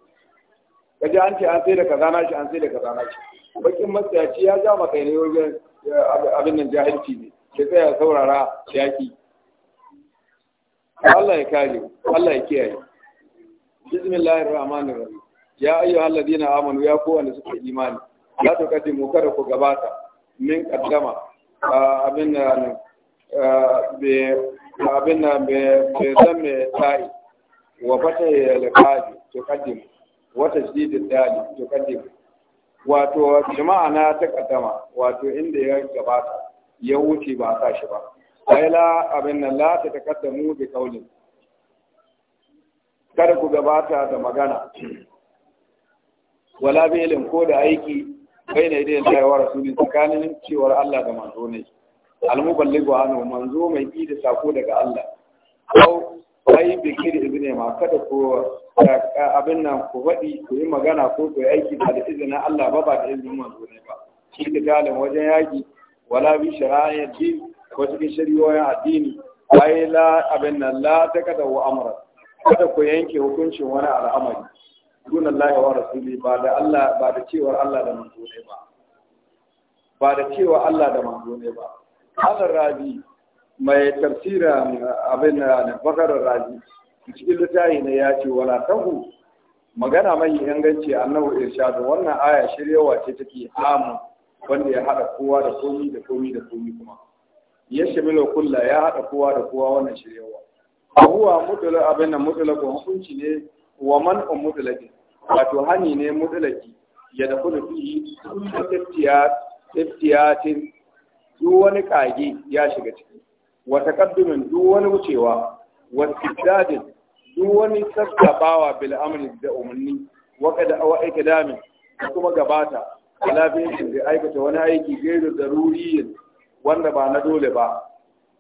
kaje an ce an sai da kaza na shi an sai da kaza na shi bakin matsayaci ya ja maka ne wajen eh, abin nan jahilci ne sai tsaya saurara yaki Allah ya kare Allah ya kiyaye bismillahir rahmanir rahim ya ayyuhal ladina amanu ya ko wanda suka imani la tuqaddimu kada ku gabata min qaddama ah, abin nan ah, abin nan be zan mai ta'i وفتح القاضي تقدم وتشديد to kadim. wato jama'a na ta kadama wato inda ya gabata ya wuce ba sa shi ba aila abin nan la ta takaddamu bi qawlin kada ku gabata da magana wala bi ilm ko da aiki kai ne da Allah su ne tsakanin cewar Allah da manzo ne almuballighu anhu manzo mai yi da sako daga Allah ko ai biki da izini ma kada ku abin nan ku faɗi ku yi magana ko ku yi aiki ba da izinin Allah ba ba da izinin manzo ne ba shi da galin wajen yaƙi wala bi shara'i din, ko cikin shari'o'in addini ai la abin nan la ta kada wa amra kada ku yanke hukuncin wani al'amari dun Allah wa rasuli ba da Allah ba da cewar Allah da manzo ne ba ba da cewa Allah da manzo ne ba hadar rabi mai tafsira abin da bakarar razi cikin littafi ne ya ce wala tahu magana mai inganci annabi irshadu wannan aya shiryawa ce take amu wanda ya hada kowa da komi da komi da komi kuma ya shamilo kulla ya hada kowa da kowa wannan shiryawa Abuwa mutula abin nan mutulaka hukunci ne wa man um wato hani ne mutulaki ya da kullu fi kullu iftiyatin duk wani kage ya shiga ciki wa taqaddumin duk wani wucewa wa istidadin duk wani sassabawa bil da umarni wa qad awa ikdamin kuma gabata alabiyin da aikata wani aiki gairu daruriyin wanda ba na dole ba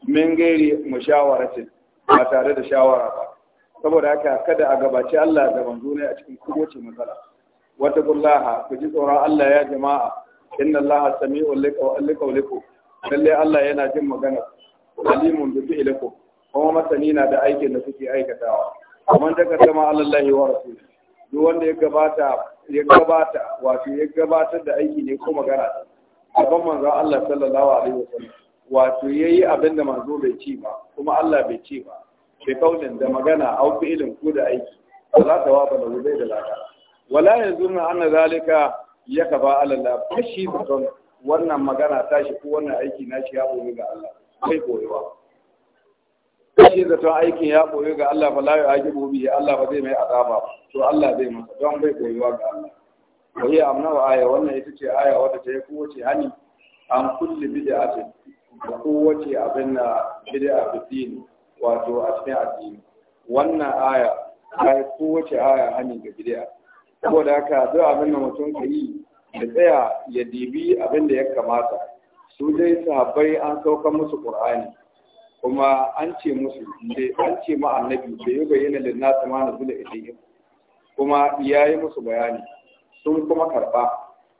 min gairi mushawaratin ba tare da shawara ba saboda haka kada a gabaci Allah da manzo a cikin kowace matsala wata kullaha ku ji tsoron Allah ya jama'a inna Allah sami'un liqawlikum lalle Allah yana jin magana alimun bi fi'likum kuma masani na da aikin da kuke aikatawa kamar da ma Allah wa rasul duk wanda ya gabata ya gabata wato ya gabatar da aiki ne ko magana gaban manzo Allah sallallahu alaihi sallam wato yayi abin da manzo bai ci ba kuma Allah bai ci ba bai kaulin da magana au fi'lin ko da aiki za ta wafa da zai da lada wala yanzurna anna zalika yakaba ala Allah fashi don wannan magana tashi ko wannan aiki na shi ya boye ga Allah bai koyuwa kashi zato aikin ya koyu ga Allah fa la yu'ajibu bihi Allah ba zai mai azaba to Allah zai masa don bai koyuwa ga Allah wa hiya amna aya wannan ita ce aya wadda ta yi kowace hani an kulli bid'atin da kowace abin na bid'a bidini wato a cikin addini wannan aya ta yi kowace aya hani ga bid'a saboda haka duk abin da mutum ka yi ya tsaya ya dibi abin da ya kamata su dai sahabbai an sauka musu qur'ani kuma an ce musu da an ce ma annabi da ya bayyana da nasu ma na zula ilayhim kuma ya musu bayani sun kuma karba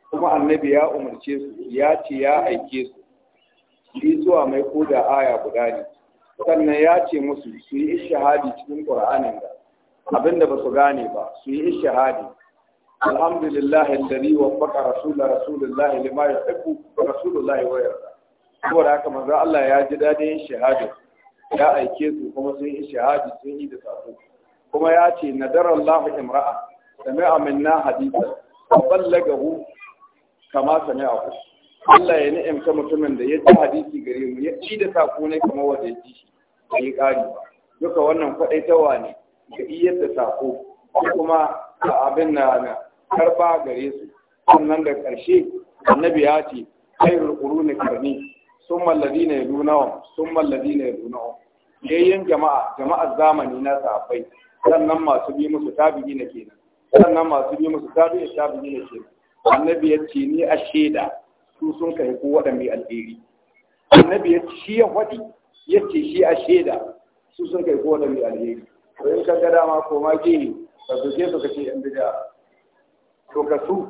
kuma annabi ya umarce su ya ce ya aike su yi zuwa mai koda aya guda ne sannan ya ce musu su yi shahadi cikin qur'anin da abinda ba su gane ba su yi shahadi. الحمد لله الذي وفق رسول رسول الله لما يحب رسول الله ويرضى saboda haka Allah ya ji dadin shahada ya aike su kuma sun yi shahadi sun yi da sako kuma ya ce nadara Allah imra'a sami'a minna kama Allah ya ni'imta mutumin da ya ji hadisi gare mu ya ci da sako ne kamar wanda ya ji shi bai kari ba duka wannan kwadaitawa ne ga iyar da sako kuma abin na karba gare su sannan da ƙarshe annabi ya ce khairul quruni karni summa alladina yadunahum summa alladina yadunahum yayin jama'a jama'ar zamani na safai sannan masu bi musu tabi'i ne kenan sannan masu bi musu tabi'i tabi'i na kenan annabi ya ce ni a shaida su sun kai ko waɗanda mai alheri annabi ya ce shi ya faɗi ya ce shi a shaida su sun kai ko waɗanda mai alheri ko in ka ga dama ko ma ke ka su je su kace inda da to ka su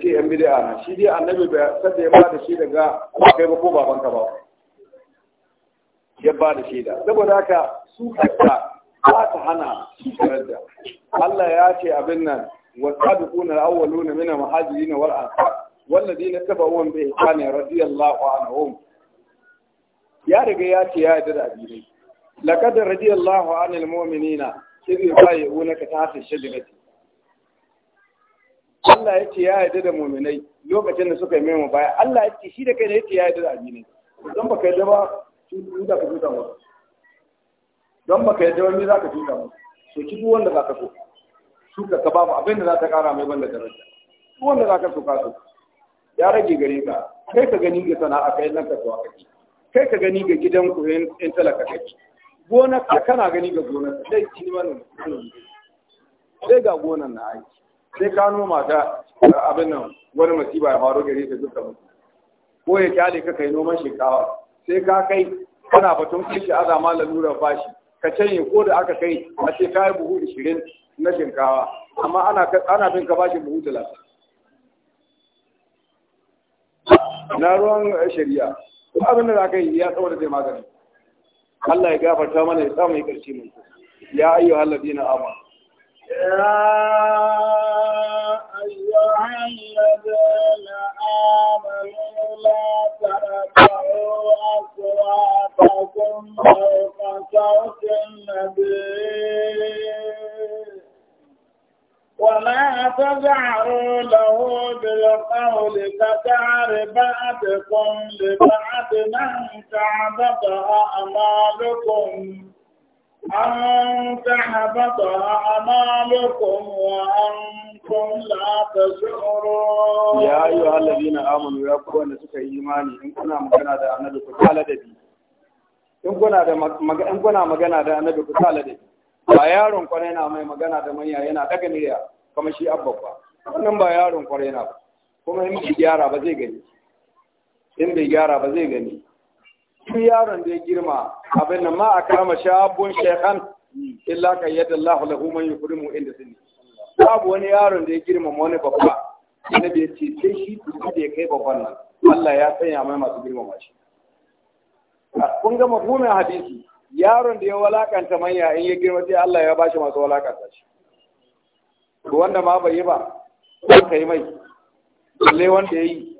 ce yan bid'a na shi dai annabi ba sai ya ba da shi daga kai ba ko baban ka ba ya ba da shi da saboda haka su kasta ba ta hana su karanta Allah ya ce abin nan wa sabiquna al-awwaluna min al-muhajirin wal ansar walladheena tabawwa'u bi ihsani radiyallahu anhum ya riga ya ce ya yi da abinai laqad radiyallahu anil mu'minina sai ya bayyana ka ta hasa shi Allah ya ce ya yarda da muminai lokacin da suka yi mai baya Allah ya ce shi da kai ne ya ce ya yarda da addini don baka yarda ba su da ka tuta musu don baka yarda ba me za ka tuta musu So ki duk wanda za ka so su ka ka mu abin da za ta kara mai banda daraja duk wanda za ka so ka so ya rage gare ka kai ka gani ga sana'a kai nan ka so ka kai ka gani ga gidan ku in talaka kake gonar ka kana gani ga gonar ka dai kimanin dai ga gonar na aiki sai ka noma ta abin nan wani masiba ya faru gare ta duka mutu ko ya kyale ka kai noman shinkawa sai ka kai kana batun kishi shi azama lalura fashi ka canye ko da aka kai a ce ka yi buhu ishirin na shinkawa amma ana bin ka bashi buhu talatin na ruwan shari'a ko abin da za ka yi ya tsawo da zai magani Allah ya gafarta mana ya samu ya karshe mai ya ayyuhal na amanu haede na aaalụlọ taraa ụtụa ako takwanahatada arụ nahụ dị ọkpawụlitatarịba atịkomlịa atịna ka bataa aadikom أن تحبط أعمالكم وأنتم لا تشعرون يا أيها الذين آمنوا يا كون سكا إيماني إن كنا مغنى دا أنبي كتالة دبي إن كنا دا إن كنا مغنى دا أنبي كتالة ba yaron kwarai na mai magana da manya yana daga miliya kamar shi abba ba wannan ba yaron kwarai na ba kuma in bai gyara ba zai gani in bai gyara ba zai gani duk yaron da ya girma abin nan ma a kama shabun shekhan illa ka yadda Allah lahu man yukrimu inda sun babu wani yaron da ya girma wani babba na bai ce sai shi duk da ya kai babban nan Allah ya sanya mai masu girma shi ah, kun ga mafhumin hadisi yaron da ya walakanta manya in ya girma sai Allah ya bashi masu walakanta shi wanda ma bai yi ba an kai mai balle wanda ya yi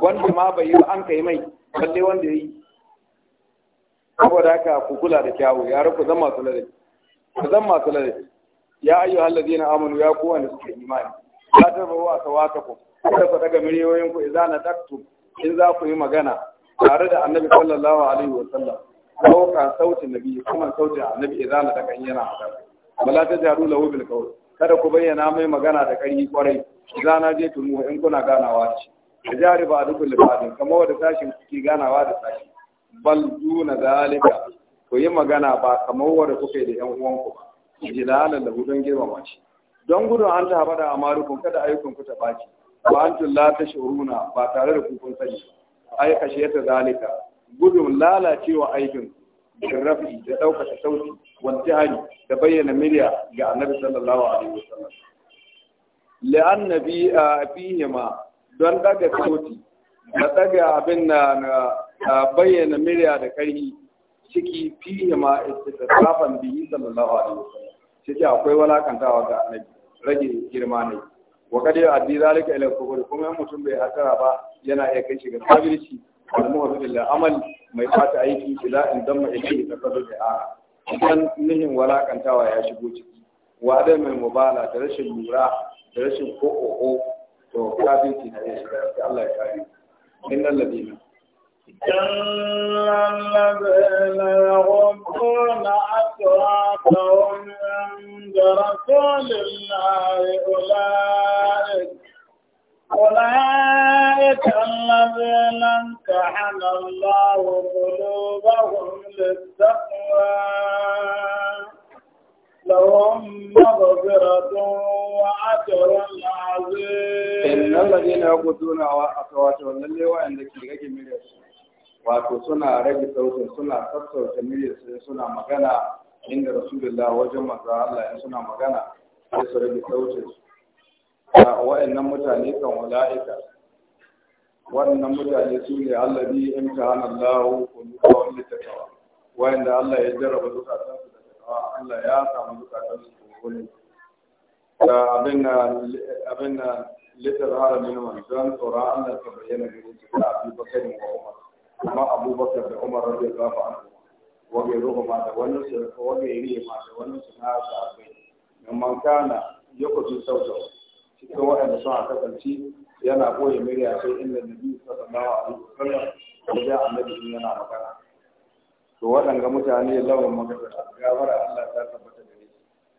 wanda ma bai yi ba an kai mai balle wanda ya yi saboda haka ku kula da kyawu ya ku zama masu ladabi ku zama su ladabi ya ayyu na amanu ya ku wanda suke imani la tabawu asawatakum kada ku daga miriyoyin ku na taktu in za ku yi magana tare da annabi sallallahu alaihi wa sallam sauka sautin nabi kuma sautin annabi idan daga yana bala ta jaru lahu bil qawl kada ku bayyana mai magana da ƙarfi kwarai na je tumu in kuna ganawa da shi jari ba dukkan lafadin kamar wanda sashin kuke ganawa da sashin bal duna zalika ku yi magana ba kamar wanda kuke da yan uwanku ba jilala da don girmama shi don gudun an ta haɓa da amarukun kada ayyukan ku ta baki ba an tulla ta shuruna ba tare da kukun sani ai kashe ta zalika gudun lalacewa aikin rafi da ɗaukaka sauti wantihari da bayyana miliya ga annabi sallallahu alaihi wasallam li'an nabi a fihima don daga sauti da daga abin na a bayyana murya da ƙarfi ciki fiye ma istiqafan bihi sallallahu alaihi wasallam ce akwai walakantawa ga annabi rage girma ne wa kad ya'di zalika ila kufr kuma mutum bai hasara ba yana iya kai shi ga kafirci wal mu'min amal mai fata aiki ila in damma ilayhi da da'a idan nihin walakantawa ya shigo ciki wa adam mai mubala da rashin lura da rashin ko'o'o, to kafirci na iya shiga Allah ya kare innal ladina إن الذين يغضون أصواتهم عند رسول الله أولئك أولئك الذين امتحن الله قلوبهم للتقوى لهم مغفرة وأجر عظيم إن الذين يغضون أصواتهم للي وعندك لك مرسل wato suna rage sautin suna sassauta miliyar sai suna magana inda rasulullah wajen maza Allah in suna magana sai su rage sautin su wa'annan mutane kan wala'ika waɗannan mutane su ne allabi imtihana Allah quluba ta taqwa wa'anda Allah ya jarraba zukatan su da taqwa Allah ya samu zukatan su da wani. da abin da abin da litar haramin wannan tsoron Allah ta bayyana gare su da abubakar wa Umar amma abubakar da umar rabbi ya gafa an wage ruhu ma da wani su wage iri ma da wani su na sahabbai nan man kana yakutun sauta cikin waɗanda sun aka kasance yana boye murya sai inda nabi sallallahu alaihi da wajen annabi yana magana to waɗanga mutane lawan magana gafara Allah ta tabbata da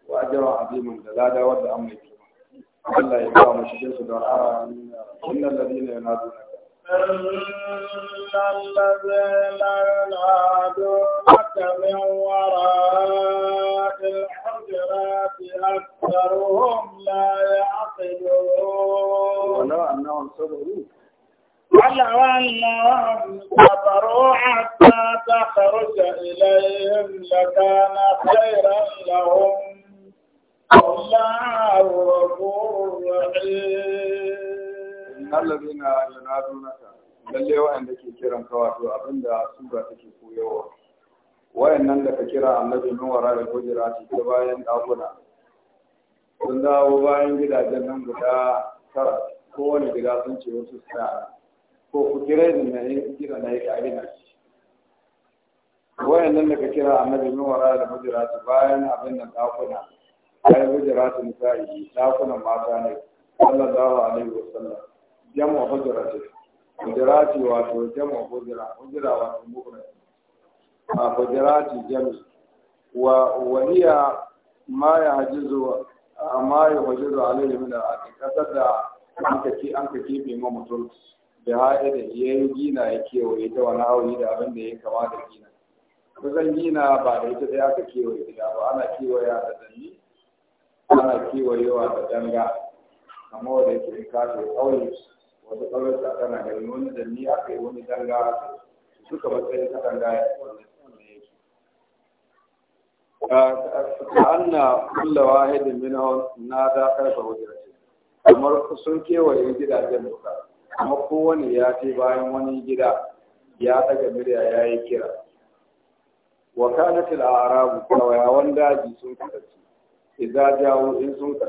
su wa ajra azimun da lada wanda an mai Allah ya ba mu cikin su da amin innal ladina yanaduna إن الذين ينادونك من وراء الحجرات أكثرهم لا يعقلون ولو أنهم صبروا ولو أنهم صبروا حتى تخرج إليهم لكان خيرا لهم والله غفور رحيم innal ladina yanadunaka lalle wa'anda ke kiran ka wato abinda sura take koyawa wayannan da ka kira annabi nan wara da gojira ci ta bayan dakuna sun dawo bayan gidajen nan guda tara kowane gida sun ce wasu sa ko ku kira ni na yi kira na yi kare na shi wayannan da ka kira annabi nan wara da gojira ta bayan abin da dakuna ai gojira ta misali dakunan mata ne sallallahu alaihi wasallam jama hujra ce hujra ce wato jama hujra hujra wato mufrad a hujra ce jami wa waliya ma ya hajizu amma ya hajizu alayhi min al-aqidar da an ka ki an ka kefe ma mutum da haɗe da yayin gina ya kewaye ta wani hauri da abin da ya kama da gina kusan gina ba da ita da aka kewaye gida ba ana kewaya da zanni ana kewayewa da danga amma wanda yake in kafe ƙauye wasu sauransu a kana gani wani zanni aka yi wani ganga duka matsayin ta ganga ya كأن كل واحد منهم نادى خلف وجهته kamar sun kewaye gidajen duka amma kowane ya ce bayan wani gida ya daga murya ya yi kira wa kanatil arabu kawayawan daji sun kasance in sun ka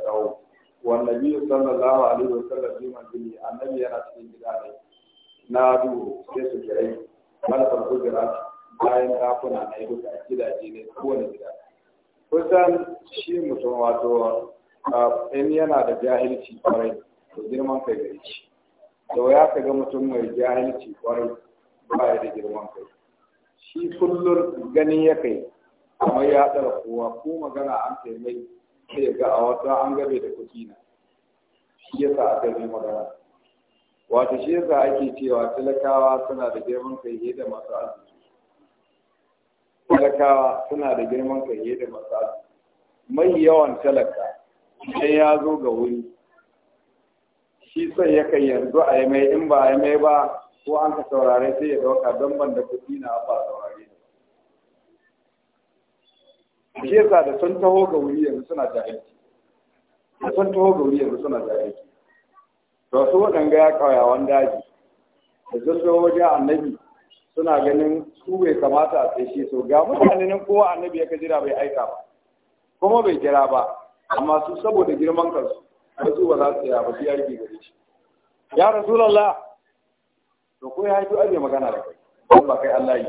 والنبي صلى الله عليه وسلم في منزله النبي أنا في جداري نادو يسوع جاي ملك الحجرات bayan ɗakuna na yi duka gidaje ne kowane gida kusan shi mutum wato in yana da jahilci kwarai to girman kai gare shi to ya kaga mutum mai jahilci kwarai ba ya da girman kai shi kullum ganin ya kamar ya tsara kowa ko magana an kai sai ga a wata an gabe da kuɗi na shi yasa aka yi magana wata shi yasa ake cewa talakawa suna da girman kai da masu arziki talakawa suna da girman kai da masu arziki mai yawan talaka idan ya zo ga wuri shi sai ya kai yanzu a yi mai in ba a yi mai ba ko an ka saurare sai ya dauka don ban da kuɗi na ba saurare shi yasa da sun taho ga wuri yanzu suna jahilci da sun taho ga wuri yanzu suna jahilci to su waɗanga ya ƙauyawan daji da sun zo wajen annabi suna ganin su bai kamata a tsaye so ga mutane nan kowa annabi ya kajira bai aika ba kuma bai kira ba amma su saboda girman kansu su ba za su yi ba su yaki gare shi ya rasulallah to ko ya haifi ajiye magana da kai don ba kai Allah yi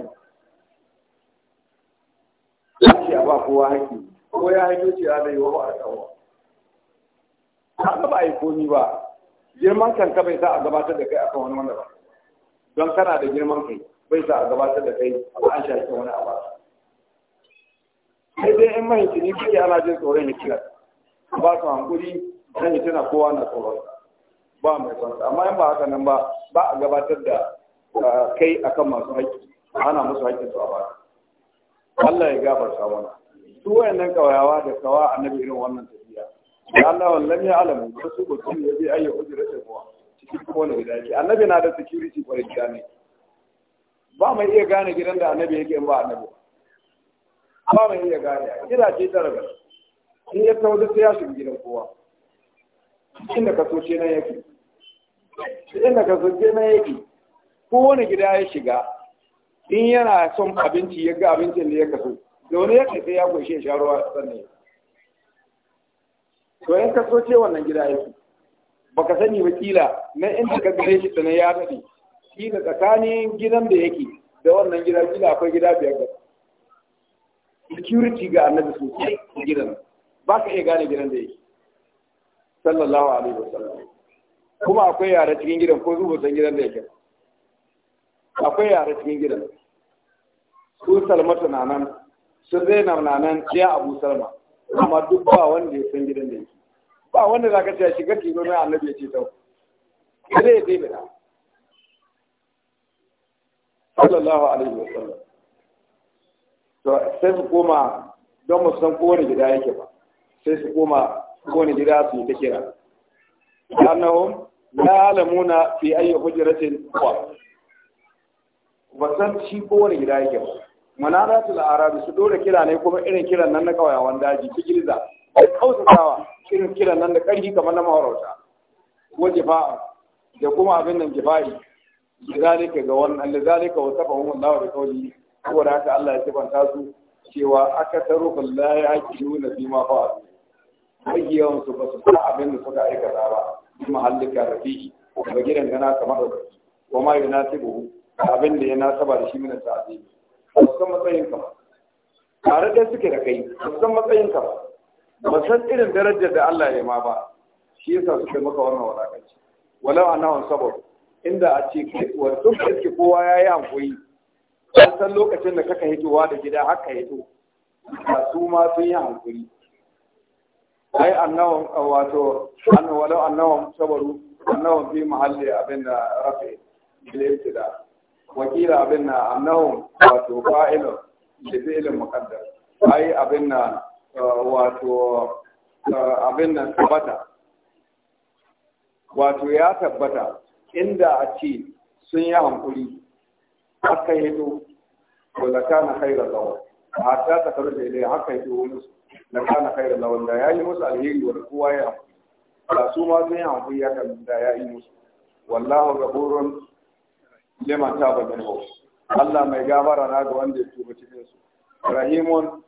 ce ba kowa haƙƙi ko ya haito ce ya zai wa a kawo ba a yi komi ba girman kanka bai sa a gabatar da kai a kan wani wanda ba don kana da girman kai bai sa a gabatar da kai a an shafi wani a ba sai dai in mahaifi ne kake ana jin tsoron ya kira ba su hankuri dan ya tana kowa na tsoron ba mai son amma in ba haka nan ba ba a gabatar da ah, kai akan masu haƙƙi ana musu haƙƙin su a ba Allah ya gafarta mana su wayannan kawayawa da kawa annabi irin wannan tafiya Ya Allah wallan ya alamu su gudun ya yaje ayi ujra ta kuwa cikin kowane gida annabi na da security ko gida ne ba mai iya gane gidan da annabi yake in ba annabi ba mai iya gane ce tara ga in ya tawo da ya shiga gidan kowa inda ka so ce nan yake inda ka so ce nan yake kowane gida ya shiga in yana son abinci ya ga abincin da ya kaso da wani ya kafe ya kunshi ya sharuwa sannan to in ka kaso ce wannan gida yake baka sani ba kila na inda ka gare shi na ya daɗe kila tsakanin gidan da yake da wannan gida kila akwai gida biyar da security ga annabi sosai gidan ba ka iya gane gidan da yake sallallahu alaihi wasallam kuma akwai yara cikin gidan ko zuwa san gidan da yake akwai yare cikin gidan su salmatu na nan su zainab na nan ya abu salma amma duk ba wanda ya san gidan da yake ba wanda za ka ce shiga tilo mai annabi ya ce tau kada ya dai bida sallallahu alaihi wasallam to sai su koma don mu san kowane gida yake ba sai su koma kowane gida su yi ta kira annahum la alamuna fi ayyi hujratin qawm ba san shi ko wani gida yake ba manaratul arabi su dole kira ne kuma irin kiran nan na kawayawan daji su girza da kausatawa irin kiran nan da ƙarfi kamar na maharauta wa jifa'a da kuma abin nan jifa'i lizalika ga wannan lizalika wa lawa da bi qawli saboda haka Allah ya sifanta su cewa aka taro billahi yaqiluna fi ma fa'a ayyawan su ba su san abin da suka aikata ba bi mahallika rafi'i daga gidan gana kamar da wa ma yunasibu abin da ya nasaba da shi mina ta'azi ba su san matsayin ka ba tare da suke da kai ba su san matsayin ka ba ba san irin darajar da Allah ya ma ba shi yasa suke maka wannan wadatanci walau annahum sabr inda a ce wa duk da kowa yayi amfoyi an san lokacin da kaka hitowa da gida haka hito ba su ma sun yi hankuri ai annawan wato an walau annahum sabaru annahum fi mahalli abin da rafi da wakila abin na annahu wato fa'ilun da fi'ilin muqaddar ai abin na uh, wato uh, abin na tabbata wato ya tabbata inda a ce sun yi hankuri haka yi to ko na kana khairar lawan a ta ta karu da ile haka yi to musu da kana khairar lawan da ya yi musu alheri wa kowa ya hankuri su ma sun yi hankuri ya kan da ya yi musu wallahu gafurun liman taba minhu Allah mai gabara na ga wanda ya tuba cikin su rahimun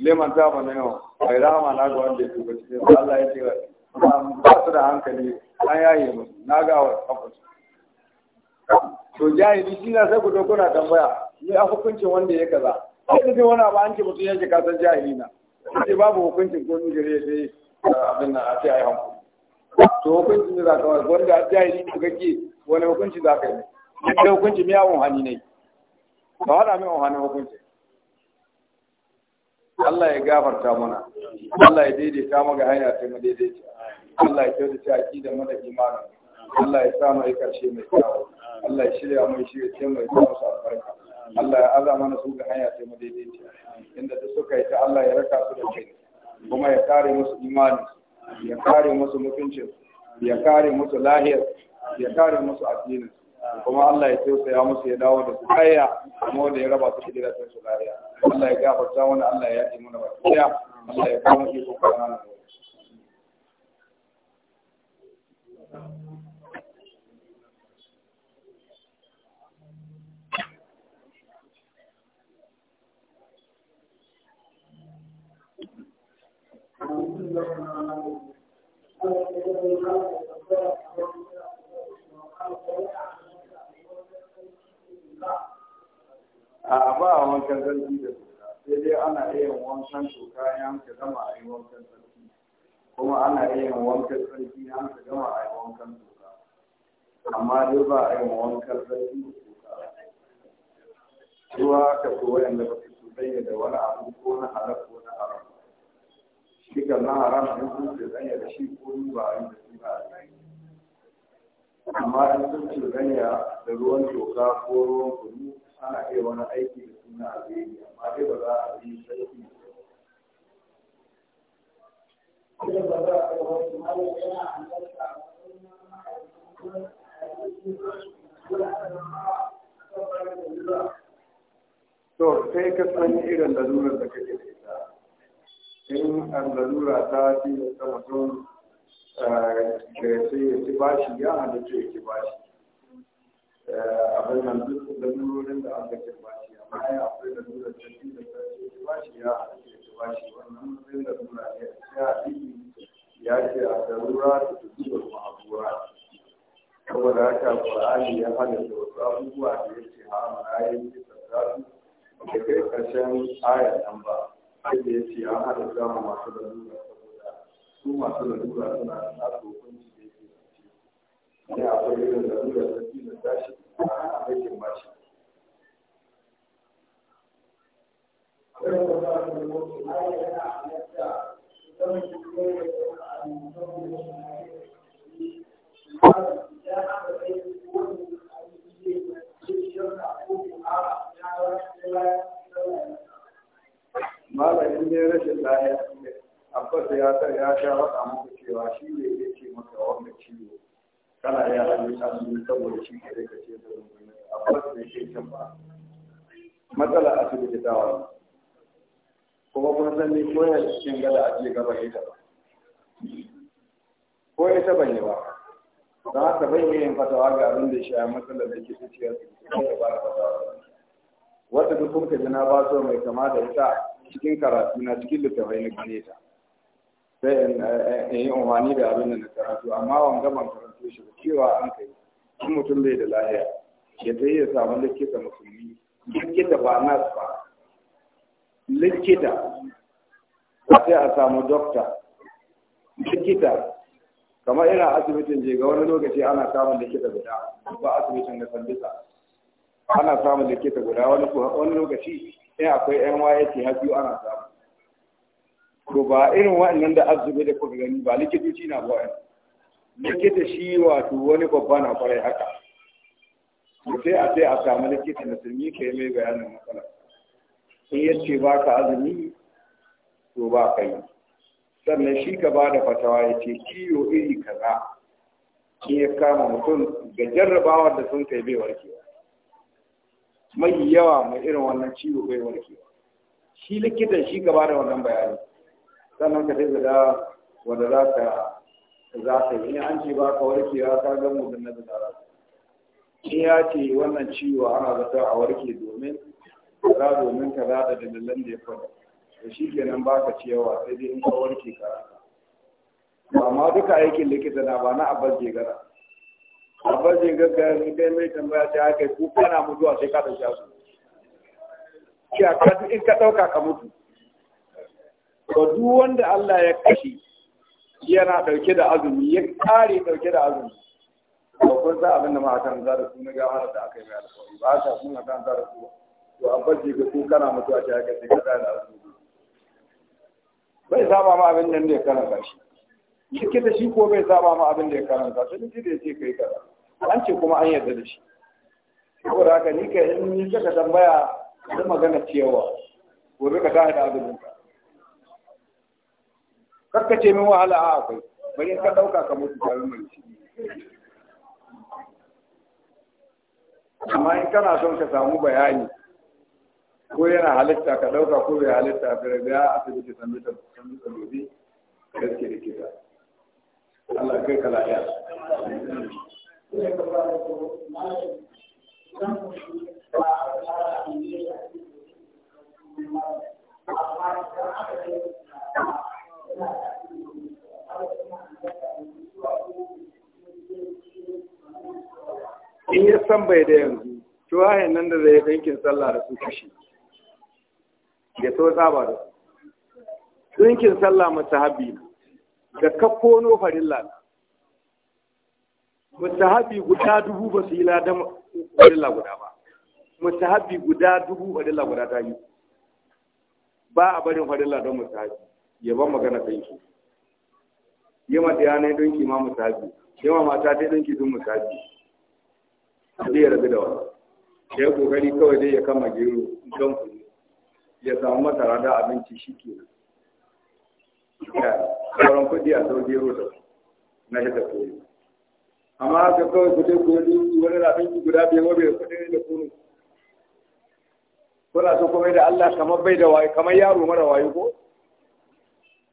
liman taba minhu mai rahama na ga wanda ya tuba cikin su Allah ya ce ba su da hankali an yaye mu na ga wa tabbata to jahili shi na sai ku to kuna tambaya ni a hukuncin wanda ya kaza sai da wani abu an ce mutum yake kasan jahili na sai babu hukuncin ko ni gare sai abin nan a ce ai hankali to hukuncin da za ka wanda jahili ne kake wani hukunci za ka yi in kai hukunci miya hannu ne ka wada min hannu hukunci Allah ya gafarta mana Allah ya daidaita mu ga hanya ta mu daidaita Allah ya kyautata aqidar mu da imanin Allah ya sa mu yi karshe mai kyau Allah ya shirya mu shirya ce mai kyau su albarka Allah ya aza mana su ga hanya ta mu daidaita inda duk suka yi ta Allah ya raka su da kai kuma ya kare musu imani ya kare musu mutuncin ya kare musu lahiyar ya kare musu addinin kuma Allah ya ce sai ya musu ya dawo da su kaya kuma da ya raba su gida sai su kariya Allah ya ga gafarta wani Allah ya yi mana baki daya Allah ya kawo mu iko kana nan Thank you. a ba a wankan zargi da toka sai dai ana iya wankan toka yan ka gama a yi wankan sarki kuma ana iya wankan sarki yan ka gama a yi wankan toka amma dai ba a yi wankan sarki da toka ruwa ka fi wayanda ba su bayyana da wani abu ko na halal ko na haram shi kan na haram ɗin sun ce zanya da shi ko ni ba a yi da shi ba a yi amma in sun ce zanya da ruwan toka ko ruwan kunu ana iya wani aiki da suna alheri amma dai ba za a yi sarki ba za a yi wasu mara yana a wasu mara a yi To sai ka san irin lalurar da kake da ita. In an lalura ta ce ta mutum eh, da ya ce ya ci bashi ya halitta ya ci bashi. Eh, abin nan duk da nurorin da aka ce ba shi amma ya akwai da nura ta shi da ta ce ba shi ya ake ce ba shi wannan zai da nura ne ya ɗiki ya ce a darura da tuzuwar ma'abura saboda haka ƙwararri ya hada da wasu abubuwa da ya ce ha na yi ce tattatu da kai ƙarshen ayar nan ba sai da ya ce an halatta ma masu da nura saboda su masu da nura suna da nasu hukunci da ya ce ne akwai irin da nura ta mutunta a hana malamin ne rashin lafiya abbas ya ya sha faɗa muku cewa shi ne kana iya halitta su saboda shi ke da kace da a farko ne shi ba matsala a cikin dawa kuma kun san ni ko ya cikin gada a cikin gaba ita ba ko ita ban yi ba don haka ban yi yin fatawa ga abin da shi a matsalar da ke cikiya su da ba da fatawa wata duk kun kaji na ba so mai kama da ita cikin karatu na cikin littafai na gane ta sai in eh, eh, yi umarni da abin da na karatu amma wanga ban rasu shi cewa an kai in mutum bai da lahiya ya ta iya samu likita musulmi likita ba nas ba likita ba sai a samu dokta likita kamar ina asibitin je ga wani lokaci ana samun likita guda ba asibitin na sandisa ana samun likita guda wani lokaci in akwai nyc har biyu ana samu to ba irin wa'annan da arziki da kuka gani ba likitoci na ba likita shi wato wani babba na kwarai haka sai a sai a samu likita musulmi ka yi mai bayanin matsala in yace ba ka azumi to ba ka yi sannan shi ka ba da fatawa ya ce ciwo iri kaza in ya kama mutum ga jarrabawar da sun kai bai warke. mai yawa mai irin wannan ciwo bai warke. shi likitan shi ka ba da wannan bayani sannan ka sai da wanda za ka za ta yi an ce ba ka ya ka ga mu na da in ya ce wannan ciwo ana zata a warke domin kaza domin kaza da dalilan da ya faɗa da shi kenan ba ka ciyawa sai dai in ka warke ka ba ma duka aikin likita na ba na abbas jegara abbas jegara in kai mai tambaya ta haka ko kana mutuwa sai ka ɗauki asu in ka ɗauka ka mutu to duk wanda Allah ya kashe yana ɗauke da azumi ya ƙare ɗauke da azumi to kun sa abin da ma'akan za da su na gawar da aka yi mai alƙawari ba haka kun ga kan za da su to an bace ga kun kana mutuwa ta haka sai ka da azumi bai saba ma abin nan da ya karanta shi da shi ko bai saba ma abin da ya karanta sai da ya ce kai kaza an ce kuma an yarda da shi saboda haka ni ka in ni ka tambaya da magana cewa gobe ka da azumi ka karka ce min wahala a akwai bari ka ɗauka ka mutu tare mai ci amma in kana son ka samu bayani ko yana halitta ka ɗauka ko bai halitta a biya a asibiti sami ta sami ta lobi da suke da kita Allah kai ka lafiya Thank you. in ya san bai da yanzu tuwahin nan da zai yankin sallah da su kashi ya so saba da su yankin sallah mace habi da farin farilla mace habi guda dubu ba su yi ladan farilla guda ba mace habi guda dubu farilla guda ta yi ba a barin farilla don mace habi ya ban magana ki yi ma ɗaya ne ki ma musabi yi ma mata ta ki don musabi zai rabu da wani ya yi kokari kawai dai ya kama gero don ku. ya samu mata da abinci shi ke nan sauran kuɗi a sau gero da na shi da koyi amma haka kawai ku dai yi wani abinci guda biyu mabe kuɗi ne da kunu kuna so kuma da Allah kamar bai da wayo kamar yaro mara wayo ko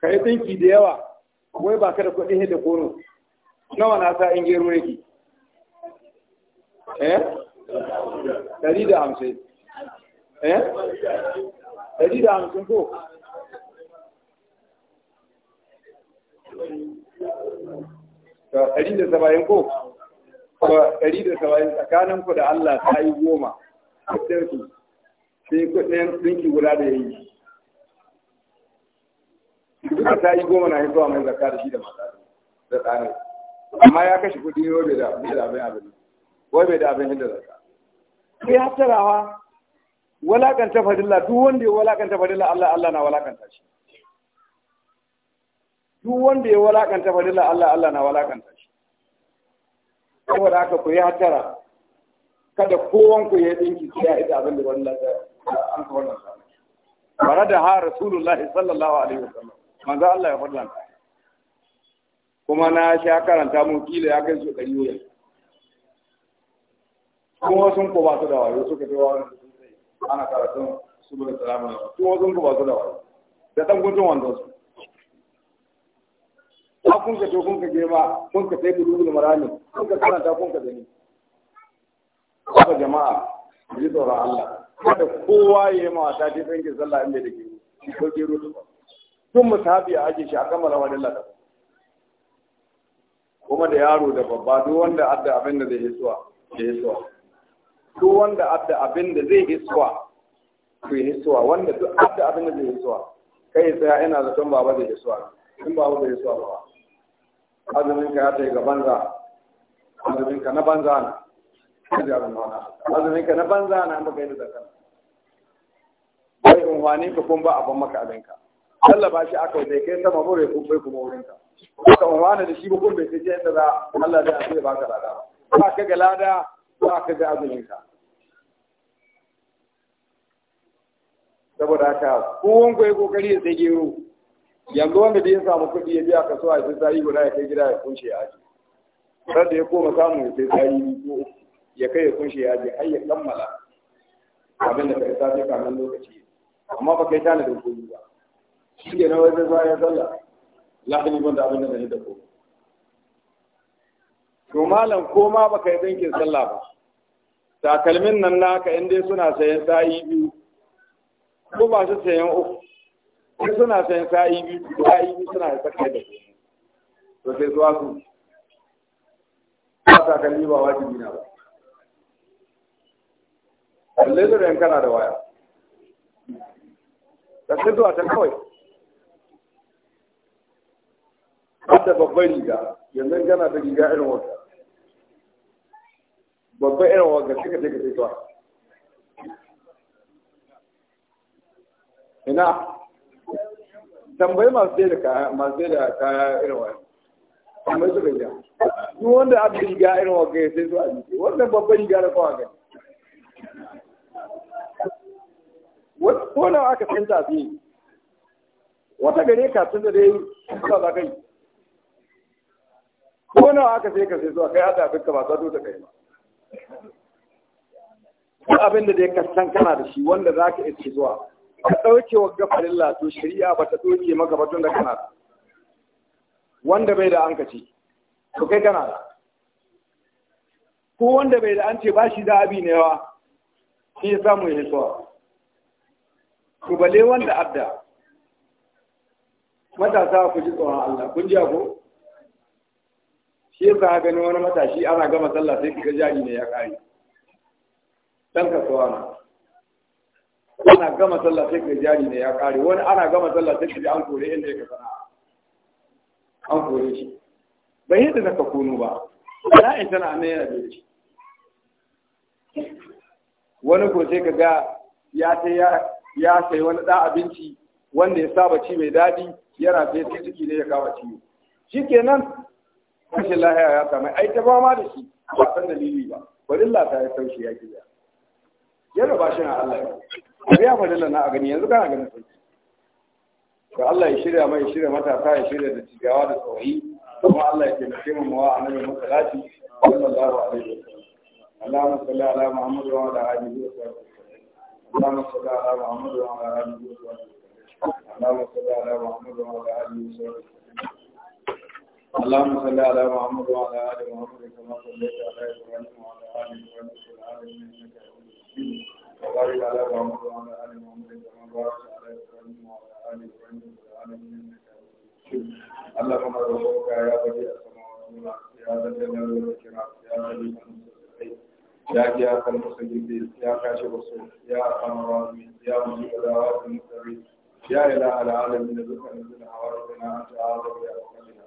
ka yi tsinki da yawa wai ba ka da kuɗi da kono nawa na sa in gero yake eh dari da hamsin eh dari da hamsin ko dari da saba'in ko dari da saba'in tsakanin ku da Allah ta yi goma sai kuɗin tsinki guda da ya yi duka ta yi goma na hitowa mai zakka da shi da mata da tsari. amma ya kashe kudi wai bai da bai da abin abin wai bai da abin hidda Ku sai hattarawa walakanta fadilla duk wanda ya walakanta fadilla Allah Allah na walakanta shi duk wanda ya walakanta fadilla Allah Allah na walakanta shi saboda haka ku yi hattara kada kowan ku ya dinki ya ita abin da wannan an ka wannan bara da ha rasulullahi sallallahu alaihi wasallam manzo Allah ya fadlan kuma na sha karanta mun kila ya kai su ɗari kuma sun ko ba su da wayo suka tawa ana karatun su bude salamu alaikum kuma sun ko ba su da wayo da ɗan gudun wanda su ba kun ka to kun ka je ba kun ka sai da marani kun ka karanta kun ka gani ba jama'a ji tsoron Allah kada kowa ya yi mawata ta sanke sallah in bai da ke ko ke rutu ba tun musafi a ake shi a kammala wani lada kuma da yaro da babba duk wanda adda abin da zai hisuwa ke hisuwa duk wanda adda abin da zai hisuwa ke ya hisuwa wanda duk adda abin da zai hisuwa kai tsaya ina tun baba zai hisuwa Tun baba zai hisuwa ba azumin ka ya ta ga banza azumin ka na banza na azumin ka na banza na baka yi da zakar bai in wani ka kun ba abin maka abinka Allah ba shi aka wani kai sama mure kun bai kuma wurin ka haka wani da shi ba kun bai kai yadda za Allah zai aso ya baka lada ba ka ga lada ba ka ga azumin ka saboda haka kowan ku yi kokari ya sai gero yanzu wanda bai samu kuɗi ya biya kasuwa ya sai sai guda ya kai gida ya kunshe ya aji da ya koma samu ya sai sai ko ya kai ya kunshe ya aji har ya kammala abin da ka isa sai kamar lokaci amma ba kai tana da kuɗi ba shi ke na wajen bayan sallah lahani ban da abin da zai da ko to malam ko ma baka yi dinkin sallah ba takalmin nan naka in dai suna sayan sa'i biyu ko ba su sayan uku in suna sayan sa'i biyu sa'i biyu suna da sakai da to sai zuwa su ba takalmi ba wajibi na ba lallai da kana da waya da sai zuwa ta kawai wanda babban riga yanzu gana da riga irin wata babban irin wata je ka take take ina tambayi masu sai da kaya masu da kaya irin wata tambayi su gajiya duk wanda abu riga irin wata ya sai zuwa jiki wannan babban riga da kawaka Wata ko nawa aka canza fi wata gare ka tun da dai suka za ka yi ko nawa aka sai ka sai zuwa kai hada abin ka ba zato da kai ba duk abin da dai ka san kana da shi wanda za ka iya zuwa ka ɗauke wa gafarin lato shari'a ba ta ɗauke maka ba tun da kana da wanda bai da an ka ce to kai kana da ko wanda bai da an ce ba shi da abi ne wa shi ya samu ya hisuwa ku bale wanda abda matasa ku ji tsoron Allah kun ji ko shi ka gani wani matashi ana gama sallah sai kika jari ne ya kare dan kasuwa na ana gama sallah sai kika jari ne ya kare wani ana gama sallah sai kika an kore inda yake sana an kore shi bai yadda da ka kono ba ana in tana ne ya da shi wani ko sai kaga ya sai ya sai wani da abinci wanda ya saba ci mai daɗi yana sai ciki ne ya kawo ciwo shikenan rashin lahiya ya samu ai ta fama da shi ba san dalili ba farilla ta yi saushe ya kiya ya raba shi na Allah ya biya farilla na a gani yanzu kana ganin sauki to Allah ya shirya mai shirya matasa ya shirya da tijawa da tsohi kuma Allah ya taimake mu mawa annabi musallati sallallahu alaihi اللهم صل على محمد وعلى ال محمد كما صليت على ابراهيم وعلى ال ابراهيم في العالمين انك حميد مجيد وبارك على محمد وعلى ال محمد كما باركت على ابراهيم وعلى ال ابراهيم في العالمين انك حميد مجيد اللهم ارزقك يا بديع السماوات والارض يا ذا الجلال والاكرام يا ذليل المستحيل يا جاءك المستجيبين يا كاشف الصور يا ارحم الراحمين يا مجيب دعوات المضطرين يا اله العالمين ذكر من حوارثنا انت اعظم يا مكلنا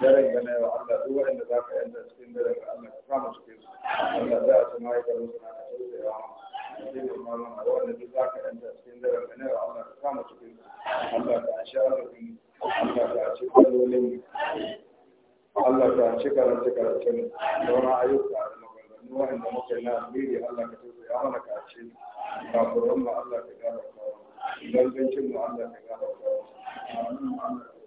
daren ga na yawa Allah duk waɗanda za ka cikin daren ga Allah ka kama cikin Allah za a su ma'aikatan su na ka tausaya ma sai da malam a waɗanda duk za ka yanta cikin daren ga Allah ka kama cikin Allah ka ashe arzikin Allah ka ashe kwallolin Allah ka ashe karance karancen sauran ayyuka da maganganu waɗanda muka yi na alheri Allah ka tausaya mana ka ashe kafuran mu Allah ka gafarta wa dangancin mu Allah ka